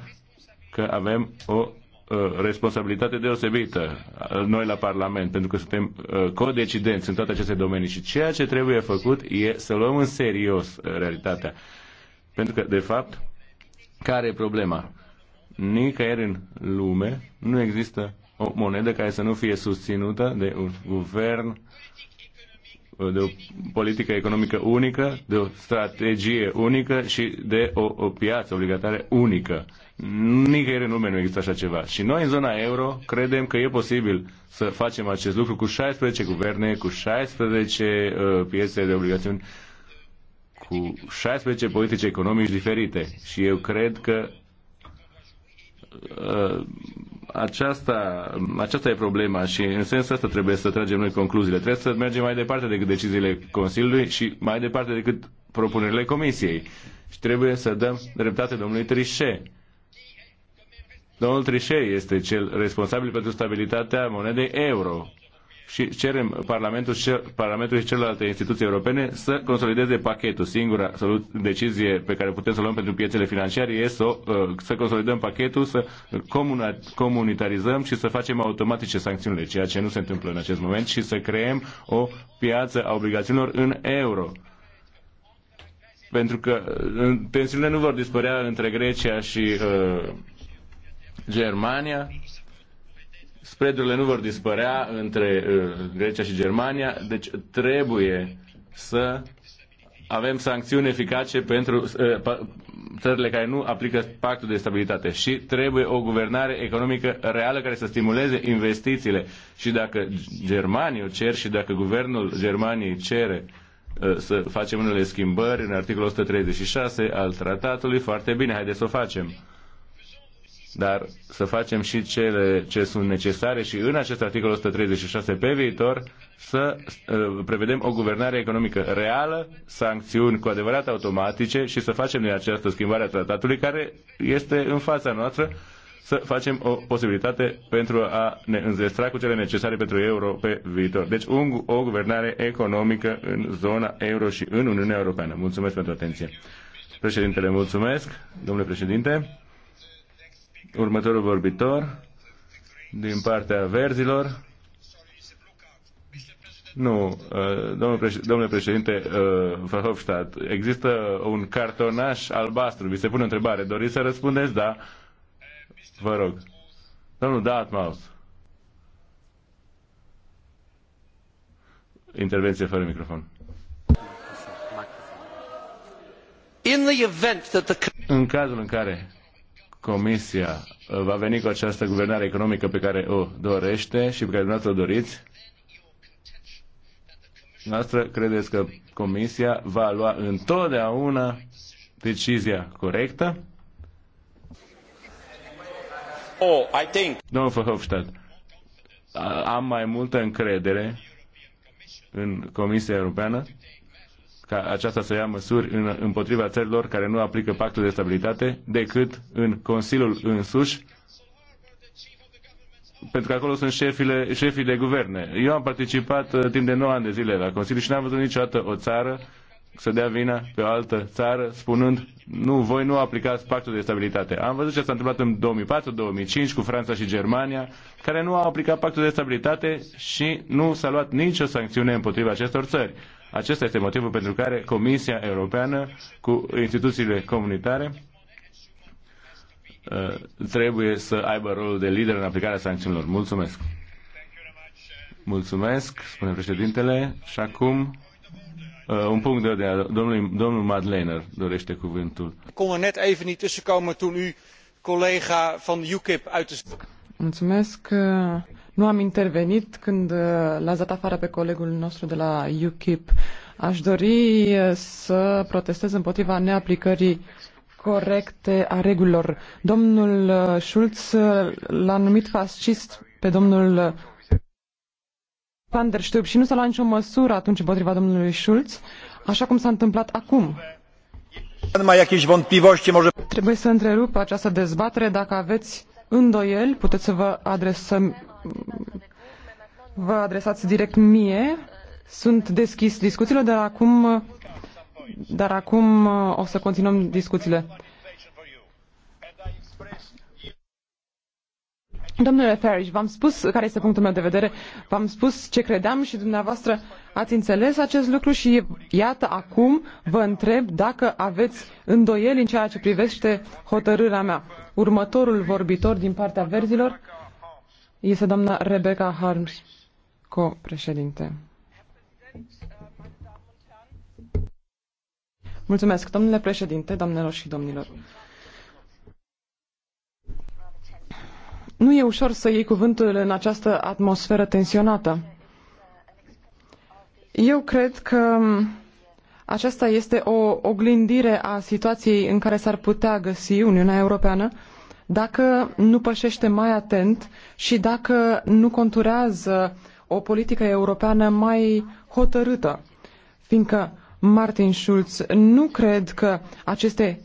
Speaker 1: că avem o uh, responsabilitate deosebită uh, noi la Parlament, pentru că suntem uh, codecidenți în toate aceste domenii și ceea ce trebuie făcut e să luăm în serios realitatea. Pentru că, de fapt, care e problema? Nicăieri în lume nu există o monedă care să nu fie susținută de un guvern de o politică economică unică, de o strategie unică și de o, o piață obligatoare unică. Nicăieri în lume nu există așa ceva. Și noi în zona euro credem că e posibil să facem acest lucru cu 16 guverne, cu 16 uh, piese de obligațiuni, cu 16 politici economici diferite. Și eu cred că Uh, aceasta, aceasta e problema și în sensul ăsta trebuie să tragem noi concluziile. Trebuie să mergem mai departe decât deciziile Consiliului și mai departe decât propunerile Comisiei. Și trebuie să dăm dreptate domnului Trichet. Domnul Trichet este cel responsabil pentru stabilitatea monedei euro și cerem Parlamentul și, Parlamentul și celelalte instituții europene să consolideze pachetul. Singura decizie pe care putem să o luăm pentru piețele financiare este să, uh, să consolidăm pachetul, să comunitarizăm și să facem automatice sancțiunile, ceea ce nu se întâmplă în acest moment și să creăm o piață a obligațiunilor în euro pentru că uh, tensiunile nu vor dispărea între Grecia și uh, Germania spreadurile nu vor dispărea între uh, Grecia și Germania, deci trebuie să avem sancțiuni eficace pentru uh, țările care nu aplică pactul de stabilitate și trebuie o guvernare economică reală care să stimuleze investițiile și dacă Germania o cer și dacă guvernul Germaniei cere uh, să facem unele schimbări în articolul 136 al tratatului, foarte bine, haideți să o facem dar să facem și cele ce sunt necesare și în acest articol 136 pe viitor să ă, prevedem o guvernare economică reală, sancțiuni cu adevărat automatice și să facem din această schimbare a tratatului care este în fața noastră să facem o posibilitate pentru a ne înzestra cu cele necesare pentru euro pe viitor. Deci un, o guvernare economică în zona euro și în Uniunea Europeană. Mulțumesc pentru atenție. Președintele, mulțumesc. Domnule președinte. Următorul vorbitor, din partea verzilor. Nu, uh, domnule președinte, domnule uh, președinte Verhofstadt, există un cartonaș albastru. Vi se pune întrebare. Doriți să răspundeți? Da. Vă rog. Domnul Datmaus. Intervenție fără microfon. In the event that the... În cazul în care Comisia va veni cu această guvernare economică pe care o dorește și pe care dumneavoastră o doriți, noastră credeți că Comisia va lua întotdeauna decizia corectă? Oh, I think. Domnul Făhofstadt, am mai multă încredere în Comisia Europeană ca aceasta să ia măsuri în, împotriva țărilor care nu aplică pactul de stabilitate decât în Consiliul însuși, pentru că acolo sunt șefile, șefii de guverne. Eu am participat uh, timp de 9 ani de zile la Consiliu și n-am văzut niciodată o țară să dea vina pe o altă țară spunând nu, voi nu aplicați pactul de stabilitate. Am văzut ce s-a întâmplat în 2004-2005 cu Franța și Germania, care nu au aplicat pactul de stabilitate și nu s-a luat nicio sancțiune împotriva acestor țări. Acesta este motivul pentru care Comisia Europeană cu instituțiile comunitare uh, trebuie să aibă rolul de lider în aplicarea sancțiunilor. Mulțumesc! Mulțumesc, spune președintele. Și acum uh, un punct de ordine. Domnul, domnul Madlener dorește cuvântul. Kon er
Speaker 3: Mulțumesc nu am intervenit când uh, l a dat afară pe colegul nostru de la UKIP. Aș dori uh, să protestez împotriva neaplicării corecte a regulilor. Domnul uh, Schulz l-a numit fascist pe domnul Van der Stub și nu s-a luat nicio măsură atunci împotriva domnului Schulz, așa cum s-a întâmplat acum. Trebuie să întrerup această dezbatere. Dacă aveți îndoieli, puteți să vă adresăm vă adresați direct mie. Sunt deschis discuțiile, dar acum, dar acum uh, o să continuăm discuțiile. Domnule Farage, v-am spus care este punctul meu de vedere, v-am spus ce credeam și dumneavoastră ați înțeles acest lucru și iată acum vă întreb dacă aveți îndoieli în ceea ce privește hotărârea mea. Următorul vorbitor din partea verzilor este doamna Rebecca Harms, co-președinte. Mulțumesc, domnule președinte, doamnelor și domnilor. Nu e ușor să iei cuvântul în această atmosferă tensionată. Eu cred că aceasta este o oglindire a situației în care s-ar putea găsi Uniunea Europeană dacă nu pășește mai atent și dacă nu conturează o politică europeană mai hotărâtă. Fiindcă Martin Schulz nu cred că aceste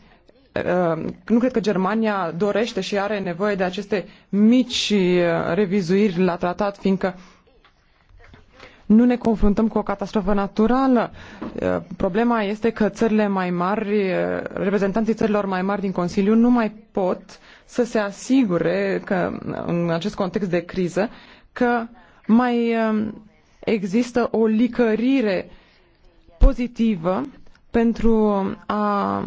Speaker 3: uh, nu cred că Germania dorește și are nevoie de aceste mici uh, revizuiri la tratat, fiindcă nu ne confruntăm cu o catastrofă naturală. Uh, problema este că țările mai mari, reprezentanții țărilor mai mari din Consiliu nu mai pot să se asigure că, în acest context de criză, că mai um, există o licărire pozitivă pentru a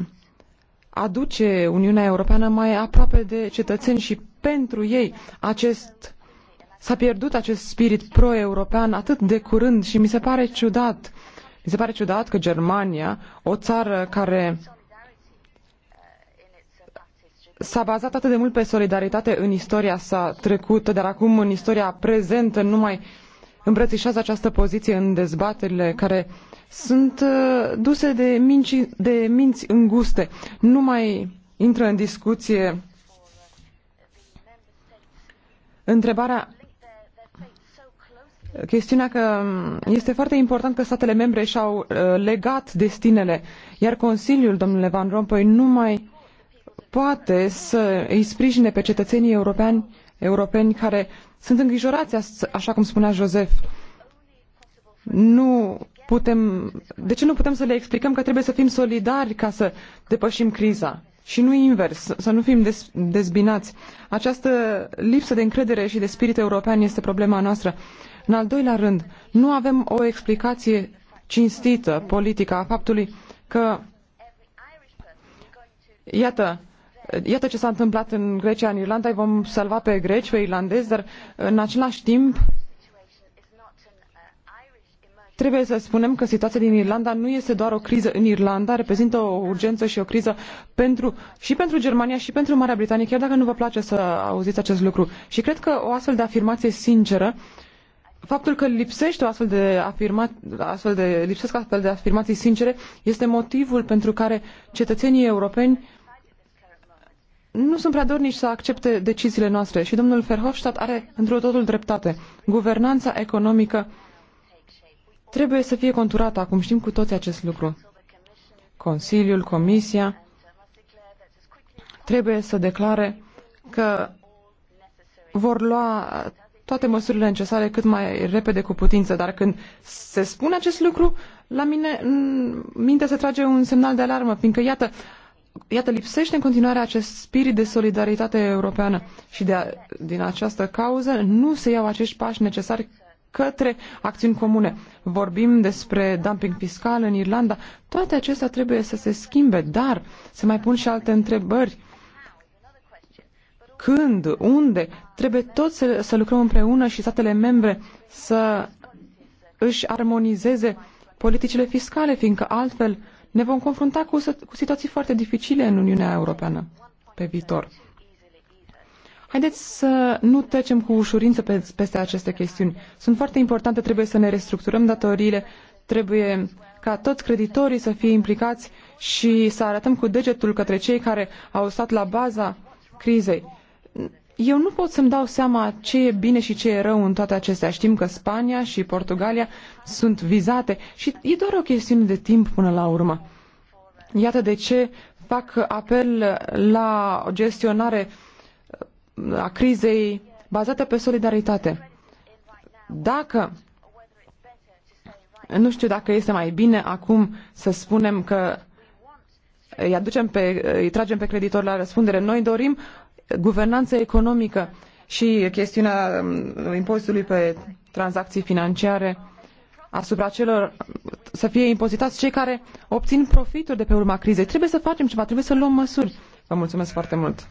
Speaker 3: aduce Uniunea Europeană mai aproape de cetățeni și pentru ei acest s-a pierdut acest spirit pro-european atât de curând și mi se pare ciudat. Mi se pare ciudat că Germania, o țară care s-a bazat atât de mult pe solidaritate în istoria sa trecută, dar acum în istoria prezentă nu mai îmbrățișează această poziție în dezbaterile care sunt uh, duse de, minci, de minți înguste. Nu mai intră în discuție întrebarea chestiunea că este foarte important că statele membre și-au uh, legat destinele, iar Consiliul, domnule Van Rompuy, nu mai poate să îi sprijine pe cetățenii europeni, europeni care sunt îngrijorați, așa cum spunea Joseph. Nu putem, de ce nu putem să le explicăm că trebuie să fim solidari ca să depășim criza? Și nu invers, să nu fim des, dezbinați. Această lipsă de încredere și de spirit european este problema noastră. În al doilea rând, nu avem o explicație cinstită politică a faptului că, iată, Iată ce s-a întâmplat în Grecia, în Irlanda, îi vom salva pe greci, pe irlandezi, dar în același timp trebuie să spunem că situația din Irlanda nu este doar o criză în Irlanda, reprezintă o urgență și o criză pentru, și pentru Germania și pentru Marea Britanie, chiar dacă nu vă place să auziți acest lucru. Și cred că o astfel de afirmație sinceră Faptul că lipsește o astfel de, afirma, astfel de lipsesc astfel de afirmații sincere este motivul pentru care cetățenii europeni nu sunt prea dornici să accepte deciziile noastre și domnul Verhofstadt are într o totul dreptate. Guvernanța economică trebuie să fie conturată, acum știm cu toți acest lucru. Consiliul, Comisia trebuie să declare că vor lua toate măsurile necesare cât mai repede cu putință, dar când se spune acest lucru, la mine în minte se trage un semnal de alarmă, fiindcă, iată, Iată, lipsește în continuare acest spirit de solidaritate europeană și de a, din această cauză nu se iau acești pași necesari către acțiuni comune. Vorbim despre dumping fiscal în Irlanda. Toate acestea trebuie să se schimbe, dar se mai pun și alte întrebări. Când, unde, trebuie toți să, să lucrăm împreună și statele membre să își armonizeze politicile fiscale, fiindcă altfel uh, ne vom confrunta cu, cu situații foarte dificile în Uniunea Europeană pe viitor. Haideți să nu trecem cu ușurință pe, peste aceste chestiuni. Sunt foarte importante, trebuie să ne restructurăm datoriile, trebuie ca toți creditorii să fie implicați și să arătăm cu degetul către cei care au stat la baza crizei. Eu nu pot să-mi dau seama ce e bine și ce e rău în toate acestea. Știm că Spania și Portugalia sunt vizate și e doar o chestiune de timp până la urmă. Iată de ce fac apel la o gestionare uh, a crizei bazată pe solidaritate. Dacă nu știu dacă este mai bine acum să spunem că îi aducem pe, îi tragem pe creditori la răspundere. Noi dorim guvernanță economică și chestiunea um, impozitului pe tranzacții financiare asupra celor să fie impozitați cei care obțin profituri de pe urma crizei. Trebuie să facem ceva, trebuie să luăm măsuri. Vă mulțumesc foarte mult.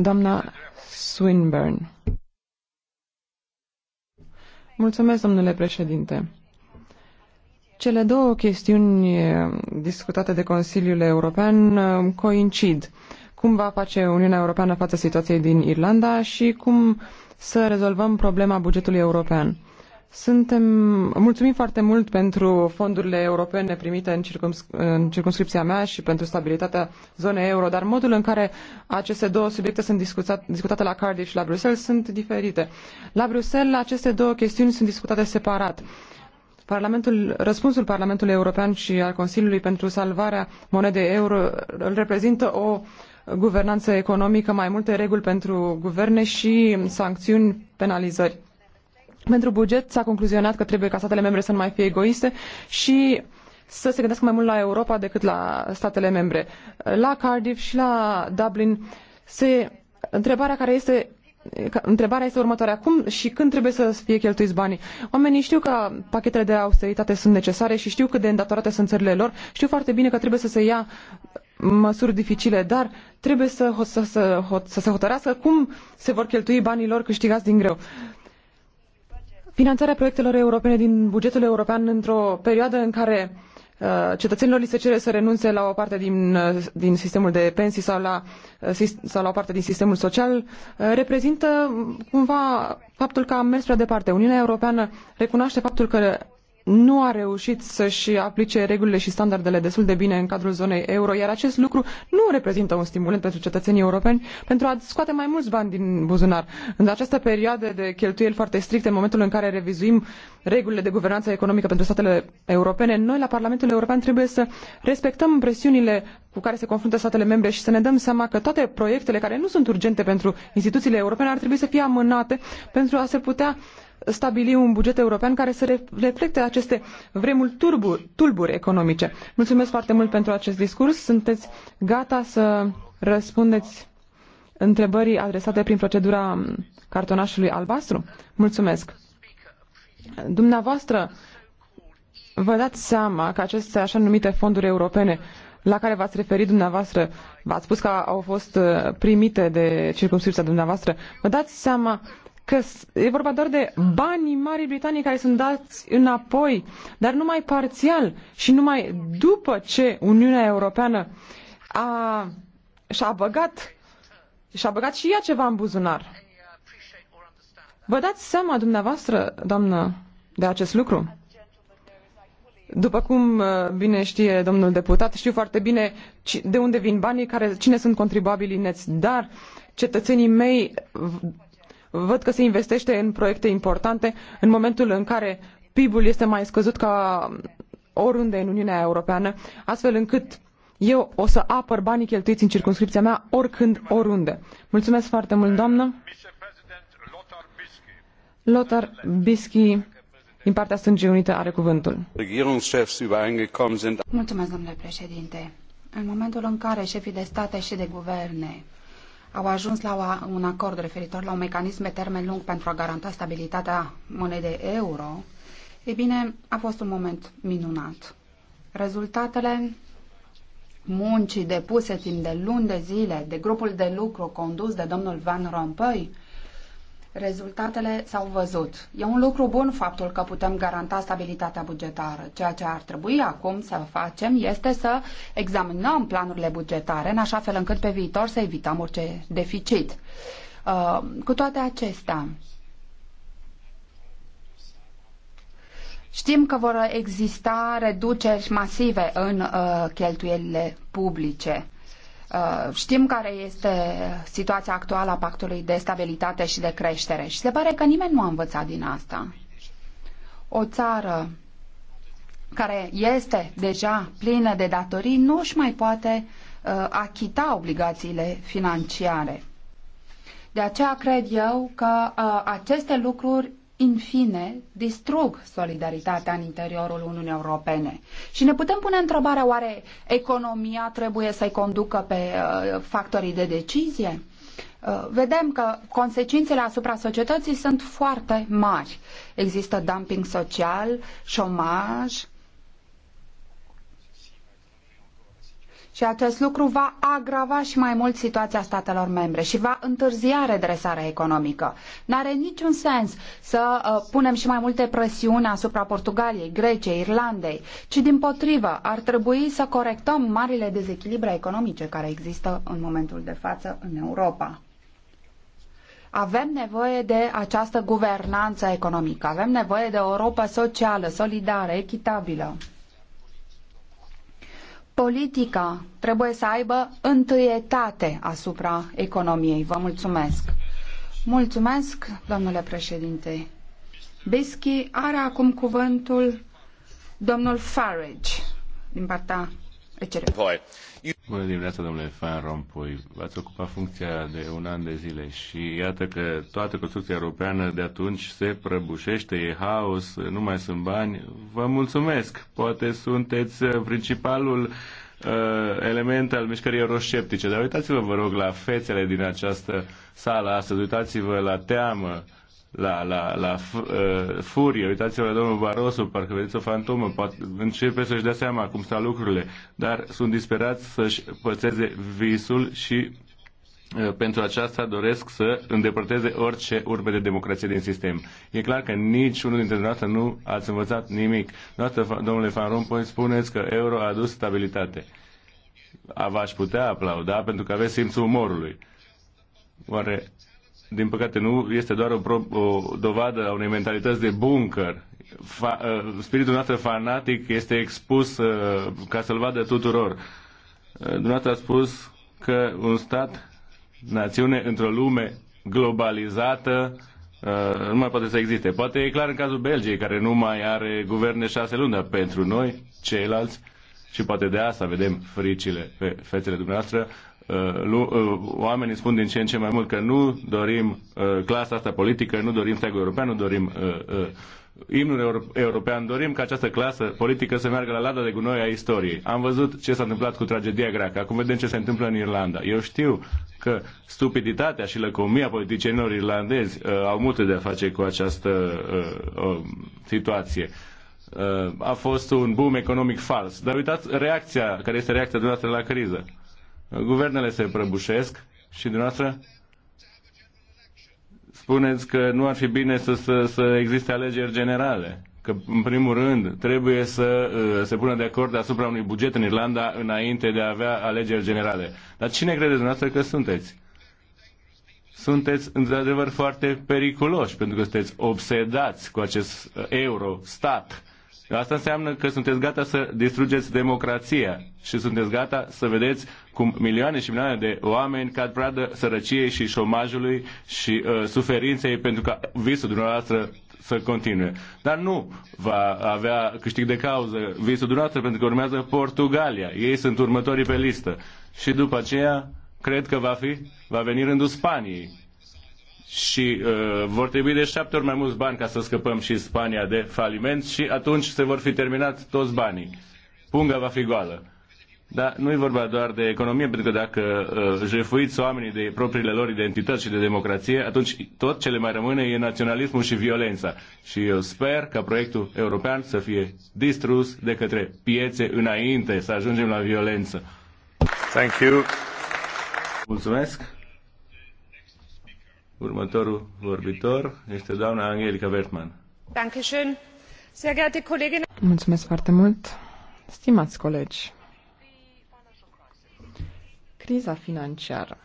Speaker 3: Doamna Swinburne. Mulțumesc, domnule președinte. Cele două chestiuni eh, discutate de Consiliul European eh, coincid. Cum va face Uniunea Europeană față situației din Irlanda și cum să rezolvăm problema bugetului european. Suntem mulțumim foarte mult pentru fondurile europene primite în, circums, în circumscripția mea și pentru stabilitatea zonei euro, dar modul în care aceste două subiecte sunt discutat, discutate la Cardiff și la Bruxelles sunt diferite. La Bruxelles aceste două chestiuni sunt discutate separat. Uh, răspunsul Parlamentului European și al Consiliului pentru salvarea monedei euro îl reprezintă o guvernană economică, mai multe reguli pentru guverne și sancțiuni, penalizări. Pentru buget s-a concluzionat că trebuie ca statele membre să nu mai fie egoiste și să se gândească mai mult la Europa decât la statele membre. La Cardiff și la Dublin se Întrebarea care este întrebarea este următoarea. Cum și când trebuie să fie cheltuiți banii? Oamenii știu că pachetele de austeritate sunt necesare și știu cât de îndatorate sunt țările lor. Știu foarte bine că trebuie să se ia măsuri dificile, dar trebuie să, să, să, să se hotărească cum se vor cheltui banii lor câștigați din greu. Finanțarea proiectelor europene din bugetul european într-o perioadă în care Uh, cetăenilor li se cere să renunțe la o parte din, uh, din sistemul de pensii sau la, uh, sau la o parte din sistemul social, reprezintă um, cumva faptul că am mers prea departe. Uniunea Europeană recunoaște faptul că nu a reușit să-și aplice regulile și standardele destul de bine în cadrul zonei euro, iar acest lucru nu reprezintă un stimulant pentru cetățenii europeni pentru a scoate mai mulți bani din buzunar. În această perioadă de cheltuieli foarte stricte, în momentul în care revizuim regulile de guvernanță economică pentru statele europene, noi la Parlamentul European trebuie să respectăm presiunile cu care se confruntă statele membre și să ne dăm seama că toate proiectele care nu sunt urgente pentru instituțiile europene ar trebui să fie amânate pentru a se putea stabili un buget european care să reflecte aceste vremuri turburi, tulburi economice. Mulțumesc foarte mult pentru acest discurs. Sunteți gata să răspundeți întrebării adresate prin procedura cartonașului albastru? Mulțumesc. Dumneavoastră, vă dați seama că aceste așa numite fonduri europene la care v-ați referit dumneavoastră, v-ați spus că au fost primite de circumscripția dumneavoastră, vă dați seama că e vorba doar de banii Marii Britanii care sunt dați înapoi, dar numai parțial și numai după ce Uniunea Europeană a, și-a băgat și-a băgat și ea ceva în buzunar. Vă dați seama dumneavoastră, doamnă, de acest lucru? După cum uh, bine știe domnul deputat, știu foarte bine de unde vin banii, care, cine sunt contribuabilii neți, dar cetățenii mei văd că se investește în proiecte importante în momentul în care PIB-ul este mai scăzut ca oriunde în Uniunea Europeană, astfel încât eu o să apăr banii cheltuiți în circunscripția mea oricând, oriunde. Mulțumesc foarte mult, doamnă. Lothar Bischi, din partea Stângii Unite, are cuvântul.
Speaker 2: Mulțumesc, domnule președinte. În momentul în care șefii de state și de guverne au ajuns la un acord referitor la un mecanism pe termen lung pentru a garanta stabilitatea monedei euro, e bine, a fost un moment minunat. Rezultatele muncii depuse timp de luni de zile de grupul de lucru condus de domnul Van Rompuy Rezultatele s-au văzut. E un lucru bun faptul că putem garanta stabilitatea bugetară. Ceea ce ar trebui acum să facem este să examinăm planurile bugetare în așa fel încât pe viitor să evităm orice deficit. Uh, cu toate acestea, Știm că vor exista reduceri masive în uh, cheltuielile publice. Uh, știm care este situația actuală a pactului de stabilitate și de creștere și se pare că nimeni nu a învățat din asta. O țară care este deja plină de datorii nu își mai poate uh, achita obligațiile financiare. De aceea cred eu că uh, aceste lucruri în fine, distrug solidaritatea în interiorul Uniunii Europene. Și ne putem pune întrebarea, oare economia trebuie să-i conducă pe uh, factorii de decizie? Uh, vedem că consecințele asupra societății sunt foarte mari. Există dumping social, șomaj, Și acest lucru va agrava și mai mult situația statelor membre și va întârzia redresarea economică. N-are niciun sens să uh, punem și mai multe presiuni asupra Portugaliei, Greciei, Irlandei, ci din potrivă ar trebui să corectăm marile dezechilibre economice care există în momentul de față în Europa avem nevoie de această guvernanță economică, avem nevoie de o Europa socială, solidară, echitabilă politica trebuie să aibă întâietate asupra economiei. Vă mulțumesc. Mulțumesc, domnule președinte. Bischi are acum cuvântul domnul Farage din partea
Speaker 1: ECR. Bună dimineața, domnule Fan Rompuy. V-ați ocupat funcția de un an de zile și iată că toată construcția europeană de atunci se prăbușește, e haos, nu mai sunt bani. Vă mulțumesc. Poate sunteți principalul uh, element al mișcării eurosceptice. Dar uitați-vă, vă rog, la fețele din această sală astăzi, uitați-vă la teamă, la, la, la uh, furie. Uitați-vă la domnul Barroso, parcă vedeți o fantomă, poate începe să-și dea seama cum stau lucrurile, dar sunt disperați să-și pățeze visul și uh, pentru aceasta doresc să îndepărteze orice urme de democrație din sistem. E clar că nici unul dintre dumneavoastră nu ați învățat nimic. Noastră, domnule Van Rompuy, spuneți că euro a adus stabilitate. V-aș putea aplauda pentru că aveți simțul umorului. Oare din păcate nu, este doar o, pro, o dovadă a unei mentalități de bunker. Fa, uh, spiritul noastră fanatic este expus uh, ca să-l vadă tuturor. Uh, dumneavoastră a spus că un stat, națiune într-o lume globalizată nu mai poate să existe. Poate e clar în cazul Belgiei, care nu mai are guverne șase luni, dar pentru noi, ceilalți, și poate de asta vedem fricile pe fețele dumneavoastră, Uh, uh, oamenii spun din ce în ce mai mult că nu dorim uh, clasa asta politică, nu dorim steagul european, nu dorim imnul european, dorim ca această clasă politică să meargă la lada de gunoi a istoriei. Am văzut ce s-a întâmplat cu tragedia greacă, acum vedem ce se întâmplă în Irlanda. Eu știu că stupiditatea și lăcomia politicienilor irlandezi uh, au multe de a face cu această uh, uh, situație. Uh, a fost un boom economic fals. Dar uitați reacția, care este reacția dumneavoastră la criză. Uh, Guvernele se prăbușesc și dumneavoastră spuneți că nu ar fi bine să, să, să existe alegeri generale. Că, în primul rând, trebuie să uh, se pună de acord asupra unui buget în Irlanda înainte de a avea alegeri generale. Dar cine credeți dumneavoastră că sunteți? sunteți într-adevăr foarte periculoși, pentru că sunteți obsedați cu acest uh, euro, stat. Asta înseamnă că sunteți gata să distrugeți democrația și sunteți gata să vedeți cum milioane și milioane de oameni cad pradă sărăciei și șomajului și uh, suferinței pentru ca visul dumneavoastră să continue. Dar nu va avea câștig de cauză visul dumneavoastră pentru că urmează Portugalia. Ei sunt următorii pe listă. Și după aceea cred că va fi, va veni rândul Spaniei și uh, vor trebui de șapte ori mai mulți bani ca să scăpăm și Spania de faliment și atunci se vor fi terminat toți banii. Punga va fi goală. Dar nu e vorba doar de economie, pentru că dacă uh, jefuiți oamenii de propriile lor identități și de democrație, atunci tot ce le mai rămâne e naționalismul și violența. Și eu sper ca proiectul european să fie distrus de către piețe înainte să ajungem la violență. Thank you. Mulțumesc. Următorul vorbitor este doamna Angelica Bertman.
Speaker 3: Mulțumesc foarte mult, stimați colegi. Criza financiară.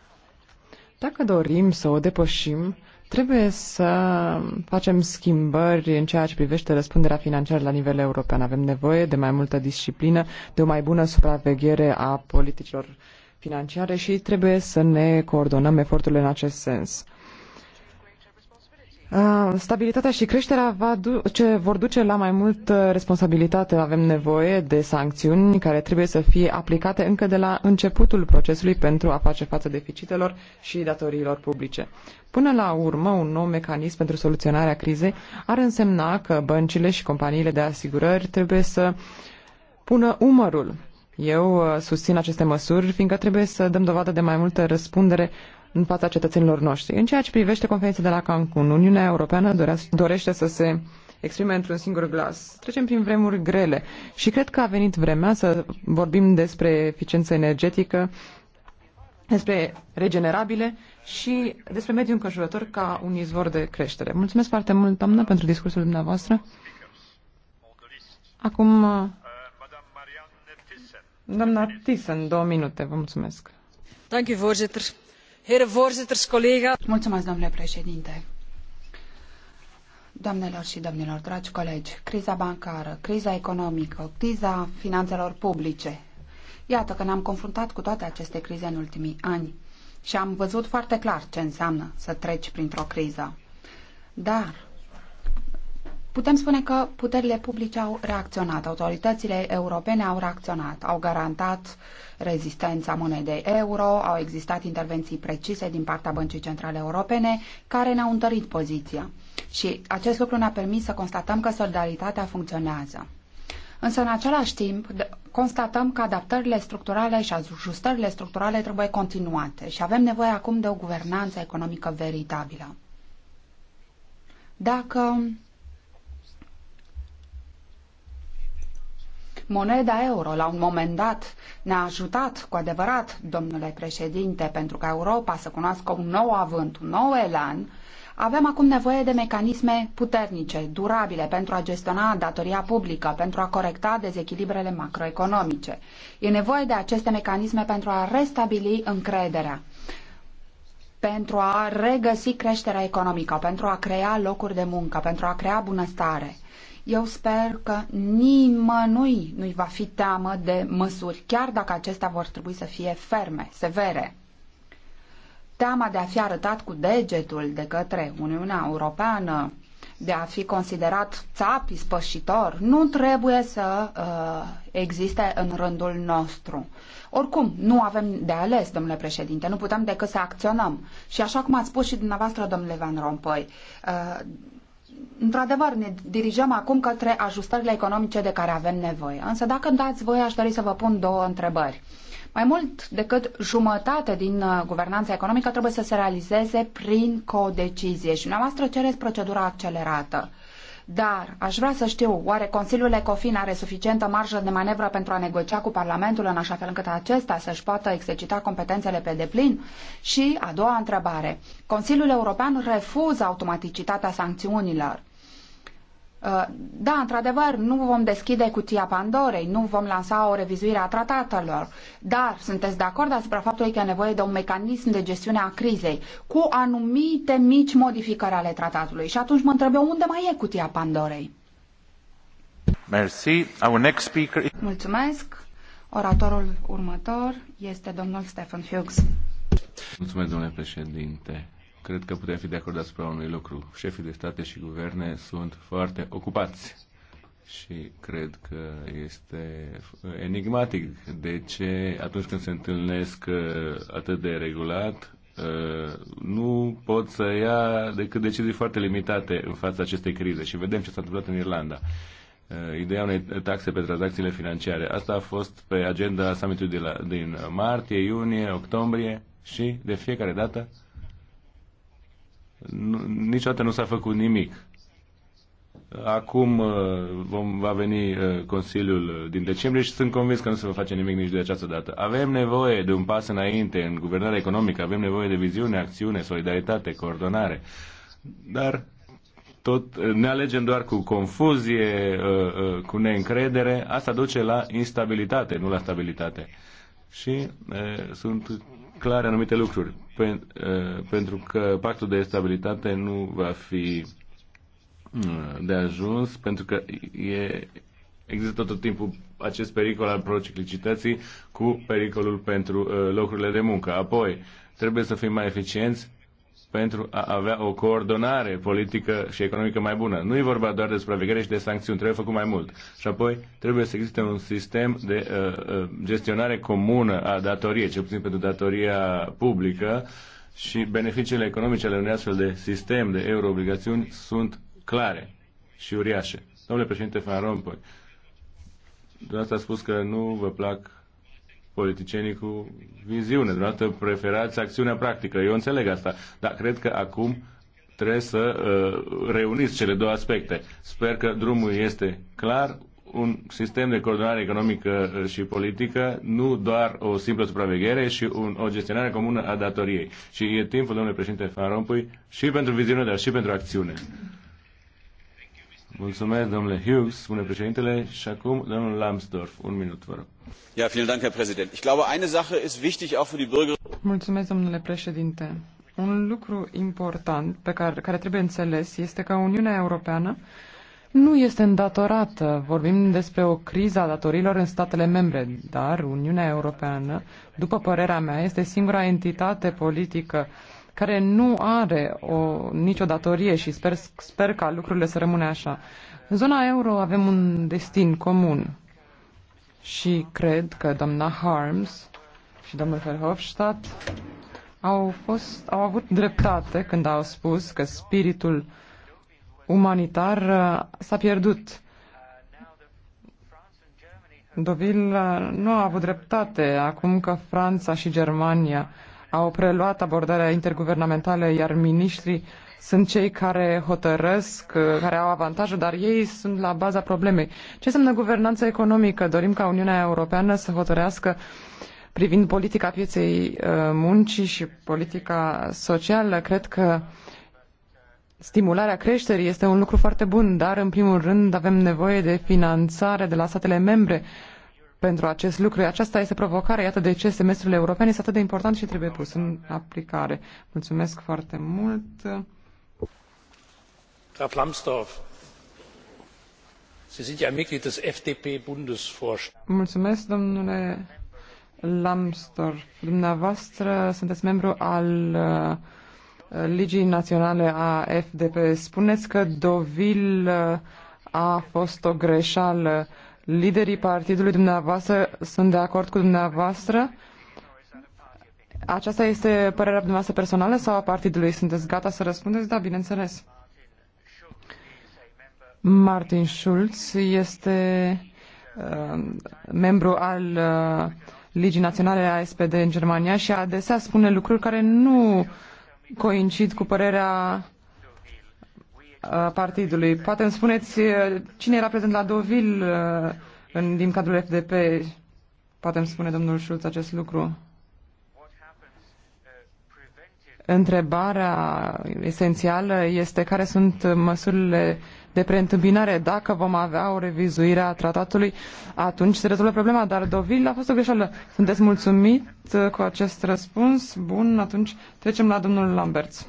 Speaker 3: Dacă dorim să o depășim, trebuie să facem schimbări în ceea ce privește răspunderea financiară la nivel european. Avem nevoie de mai multă disciplină, de o mai bună supraveghere a politicilor financiare și trebuie să ne coordonăm eforturile în acest sens. Uh, stabilitatea și creșterea va duce, vor duce la mai multă uh, responsabilitate. Avem nevoie de sancțiuni care trebuie să fie aplicate încă de la începutul procesului pentru a face față deficitelor și datoriilor publice. Până la urmă, un nou mecanism pentru soluționarea crizei ar însemna că băncile și companiile de asigurări trebuie să pună umărul. Eu uh, susțin aceste măsuri, fiindcă trebuie să dăm dovadă de mai multă răspundere în fața cetățenilor noștri. În ceea ce privește conferința de la Cancun, Uniunea Europeană dorește să se exprime într-un singur glas. Trecem prin vremuri grele și cred că a venit vremea să vorbim despre eficiență energetică, despre regenerabile și despre mediul înconjurător ca un izvor de creștere. Mulțumesc foarte mult, doamnă, pentru discursul dumneavoastră. Acum, doamna Thyssen, două minute, vă mulțumesc.
Speaker 2: Thank you, voorzitter domnule președinte. Doamnelor și domnilor, dragi colegi, criza bancară, criza economică, criza finanțelor publice. Iată că ne-am confruntat cu toate aceste crize în ultimii ani și am văzut foarte clar ce înseamnă să treci printr-o criză. Dar Putem spune că puterile publice au reacționat, autoritățile europene au reacționat, au garantat rezistența monedei euro, au existat intervenții precise din partea Băncii Centrale Europene care ne-au întărit poziția. Și acest lucru ne-a permis să constatăm că solidaritatea funcționează. Însă, în același timp, constatăm că adaptările structurale și ajustările structurale trebuie continuate și avem nevoie acum de o guvernanță economică veritabilă. Dacă Moneda euro la un moment dat ne-a ajutat cu adevărat, domnule președinte, pentru ca Europa să cunoască un nou avânt, un nou elan, avem acum nevoie de mecanisme puternice, durabile, pentru a gestiona datoria publică, pentru a corecta dezechilibrele macroeconomice. E nevoie de aceste mecanisme pentru a restabili încrederea, pentru a regăsi creșterea economică, pentru a crea locuri de muncă, pentru a crea bunăstare. Eu sper că nimănui nu-i va fi teamă de măsuri, chiar dacă acestea vor trebui să fie ferme, severe. Teama de a fi arătat cu degetul de către Uniunea Europeană, de a fi considerat țap ispășitor, nu trebuie să uh, existe în rândul nostru. Oricum, nu avem de ales, domnule președinte, nu putem decât să acționăm. Și așa cum ați spus și dumneavoastră, domnule Van Rompuy, uh, într-adevăr, ne dirijăm acum către ajustările economice de care avem nevoie. Însă, dacă îmi dați voi, aș dori să vă pun două întrebări. Mai mult decât jumătate din uh, guvernanța economică trebuie să se realizeze prin codecizie și dumneavoastră cereți procedura accelerată. Dar aș vrea să știu, oare Consiliul Ecofin are suficientă marjă de manevră pentru a negocia cu Parlamentul în așa fel încât acesta să-și poată exercita competențele pe deplin? Și a doua întrebare. Consiliul European refuză automaticitatea sancțiunilor. Uh, da, într-adevăr, nu vom deschide cutia Pandorei, nu vom lansa o revizuire a tratatelor, dar sunteți de acord asupra faptului că e nevoie de un mecanism de gestiune a crizei cu anumite mici modificări ale tratatului. Și atunci mă întreb eu unde mai e cutia Pandorei?
Speaker 1: Merci. Our next speaker... Mulțumesc.
Speaker 2: Oratorul următor este domnul Stefan Hughes.
Speaker 1: Mulțumesc, domnule președinte cred că putem fi de acord asupra unui lucru. Șefii de state și guverne sunt foarte ocupați și cred că este enigmatic de ce atunci când se întâlnesc uh, atât de regulat, uh, nu pot să ia decât decizii foarte limitate în fața acestei crize și vedem ce s-a întâmplat în Irlanda. Uh, ideea unei taxe pe tranzacțiile financiare. Asta a fost pe agenda summitului din martie, iunie, octombrie și de fiecare dată nu, niciodată nu s-a făcut nimic. Acum uh, vom, va veni uh, Consiliul din decembrie și sunt convins că nu se va face nimic nici de această dată. Avem nevoie de un pas înainte în guvernarea economică, avem nevoie de viziune, acțiune, solidaritate, coordonare. Dar tot uh, ne alegem doar cu confuzie, cu neîncredere, asta duce la instabilitate, nu la stabilitate. Și e, sunt clare anumite lucruri pen, uh, pentru că pactul de stabilitate nu va fi uh, de ajuns, pentru că e, există tot timpul acest pericol al prociclicității cu pericolul pentru uh, locurile de muncă. Apoi, trebuie să fim mai eficienți pentru a avea o coordonare politică și economică mai bună. Nu e vorba doar de supraveghere și de sancțiuni, trebuie făcut mai mult. Și apoi trebuie să existe un sistem de uh, uh, gestionare comună a datoriei, cel puțin pentru datoria publică, și beneficiile economice ale unui astfel de sistem de euroobligațiuni sunt clare și uriașe. Domnule președinte Van Rompuy, dumneavoastră a spus că nu vă plac politicienii cu viziune. Dumneavoastră preferați acțiunea practică. Eu înțeleg asta. Dar cred că acum trebuie să uh, reuniți cele două aspecte. Sper că drumul este clar, un sistem de coordonare economică uh, și politică, nu doar o simplă supraveghere și un, o gestionare comună a datoriei. Și e timpul, domnule președinte Van Rompuy, și pentru viziune, dar și pentru acțiune. Mulțumesc, domnule Hughes, spune președintele, și acum domnul Lambsdorff. Un minut, vă rog. Ja, vielen Dank, Herr Präsident. Ich glaube, eine Sache ist wichtig auch für die Bürger.
Speaker 3: Mulțumesc, domnule președinte. Un lucru important pe care, care trebuie înțeles este că Uniunea Europeană nu este îndatorată. Vorbim despre o criză a datorilor în statele membre, dar Uniunea Europeană, după părerea mea, este singura entitate politică care nu are o, nicio datorie și sper, sper ca lucrurile să rămână așa. În zona euro avem un destin comun și cred că doamna Harms și domnul Verhofstadt au, fost, au avut dreptate când au spus că spiritul umanitar uh, s-a pierdut. Dovil uh, nu a avut dreptate acum că Franța și Germania au preluat abordarea interguvernamentală, iar miniștrii sunt cei care hotărăsc, uh, care au avantajul, dar ei sunt la baza problemei. Ce înseamnă guvernanță economică? Dorim ca Uniunea Europeană să hotărească privind politica pieței uh, muncii și politica socială. Cred că stimularea creșterii este un lucru foarte bun, dar în primul rând avem nevoie de finanțare de la statele membre pentru acest lucru. Aceasta este provocarea, iată de ce semestrul european este atât de important și trebuie pus în aplicare. Mulțumesc foarte mult.
Speaker 1: Graf Lambsdorff, Sie sind ja Mitglied des fdp
Speaker 3: Mulțumesc, domnule Lambsdorff. Dumneavoastră sunteți membru al uh, Ligii Naționale a FDP. Spuneți că Dovil uh, a fost o greșeală liderii partidului dumneavoastră sunt de acord cu dumneavoastră. Aceasta este părerea dumneavoastră personală sau a partidului? Sunteți gata să răspundeți? Da, bineînțeles. Martin Schulz este uh, membru al uh, Ligii Naționale a SPD în Germania și adesea spune lucruri care nu coincid cu părerea partidului. Poate îmi spuneți uh, cine era prezent la Deauville uh, în, din cadrul FDP? Poate îmi spune domnul Schulz acest lucru. Întrebarea esențială este care sunt măsurile de preîntâmpinare. Dacă vom avea o revizuire a tratatului, atunci se rezolvă problema, dar Dovil a fost o greșeală. Sunteți mulțumit uh, cu acest răspuns? Bun, atunci trecem la domnul Lamberts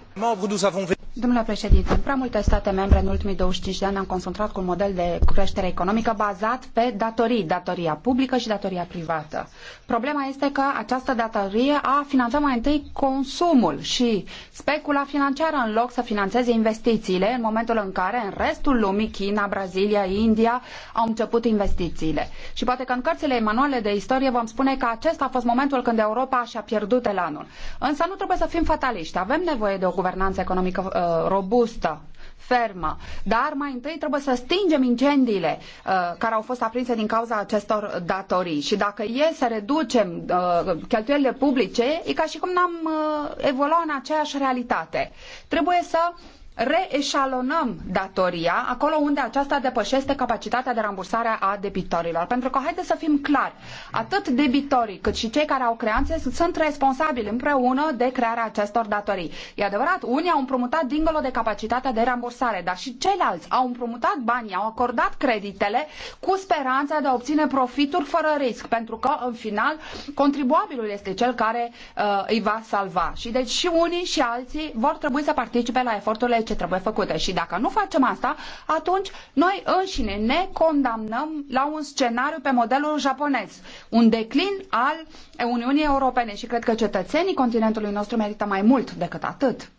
Speaker 2: președinte, prea multe state membre în ultimii 25 de ani au concentrat cu un model de creștere economică bazat pe datorii, datoria publică și datoria privată. Problema este că această datorie a finanțat mai întâi consumul și specula financiară în loc să financeze investițiile în momentul în care în restul lumii, China, Brazilia, India, au început investițiile. Și poate că în cărțile manuale de istorie vom spune că acesta a fost momentul când Europa și-a pierdut elanul. Însă nu trebuie să fim fataliști. Avem nevoie de o guvernanță economică uh, Uh, robustă, fermă. Dar mai întâi trebuie să stingem incendiile uh, care au fost aprinse din cauza acestor datorii. Și dacă e să reducem uh, cheltuielile publice, e ca și cum n-am uh, evoluat în aceeași realitate. Trebuie să uh, reeșalonăm datoria acolo unde aceasta depășește capacitatea de rambursare a debitorilor. Pentru că, haideți să fim clari, atât debitorii cât și cei care au creanțe sunt responsabili împreună de crearea acestor datorii. E adevărat, unii au împrumutat dincolo de capacitatea de rambursare, dar și ceilalți au împrumutat banii, au acordat creditele cu speranța de a obține profituri fără risc, pentru că, în final, contribuabilul este cel care uh, îi va salva. Și deci și unii și alții vor trebui să participe la eforturile ce trebuie făcute. Și dacă nu facem asta, atunci noi înșine ne condamnăm la un scenariu pe modelul japonez, un declin al Uniunii Europene și cred că cetățenii continentului nostru merită mai mult decât atât.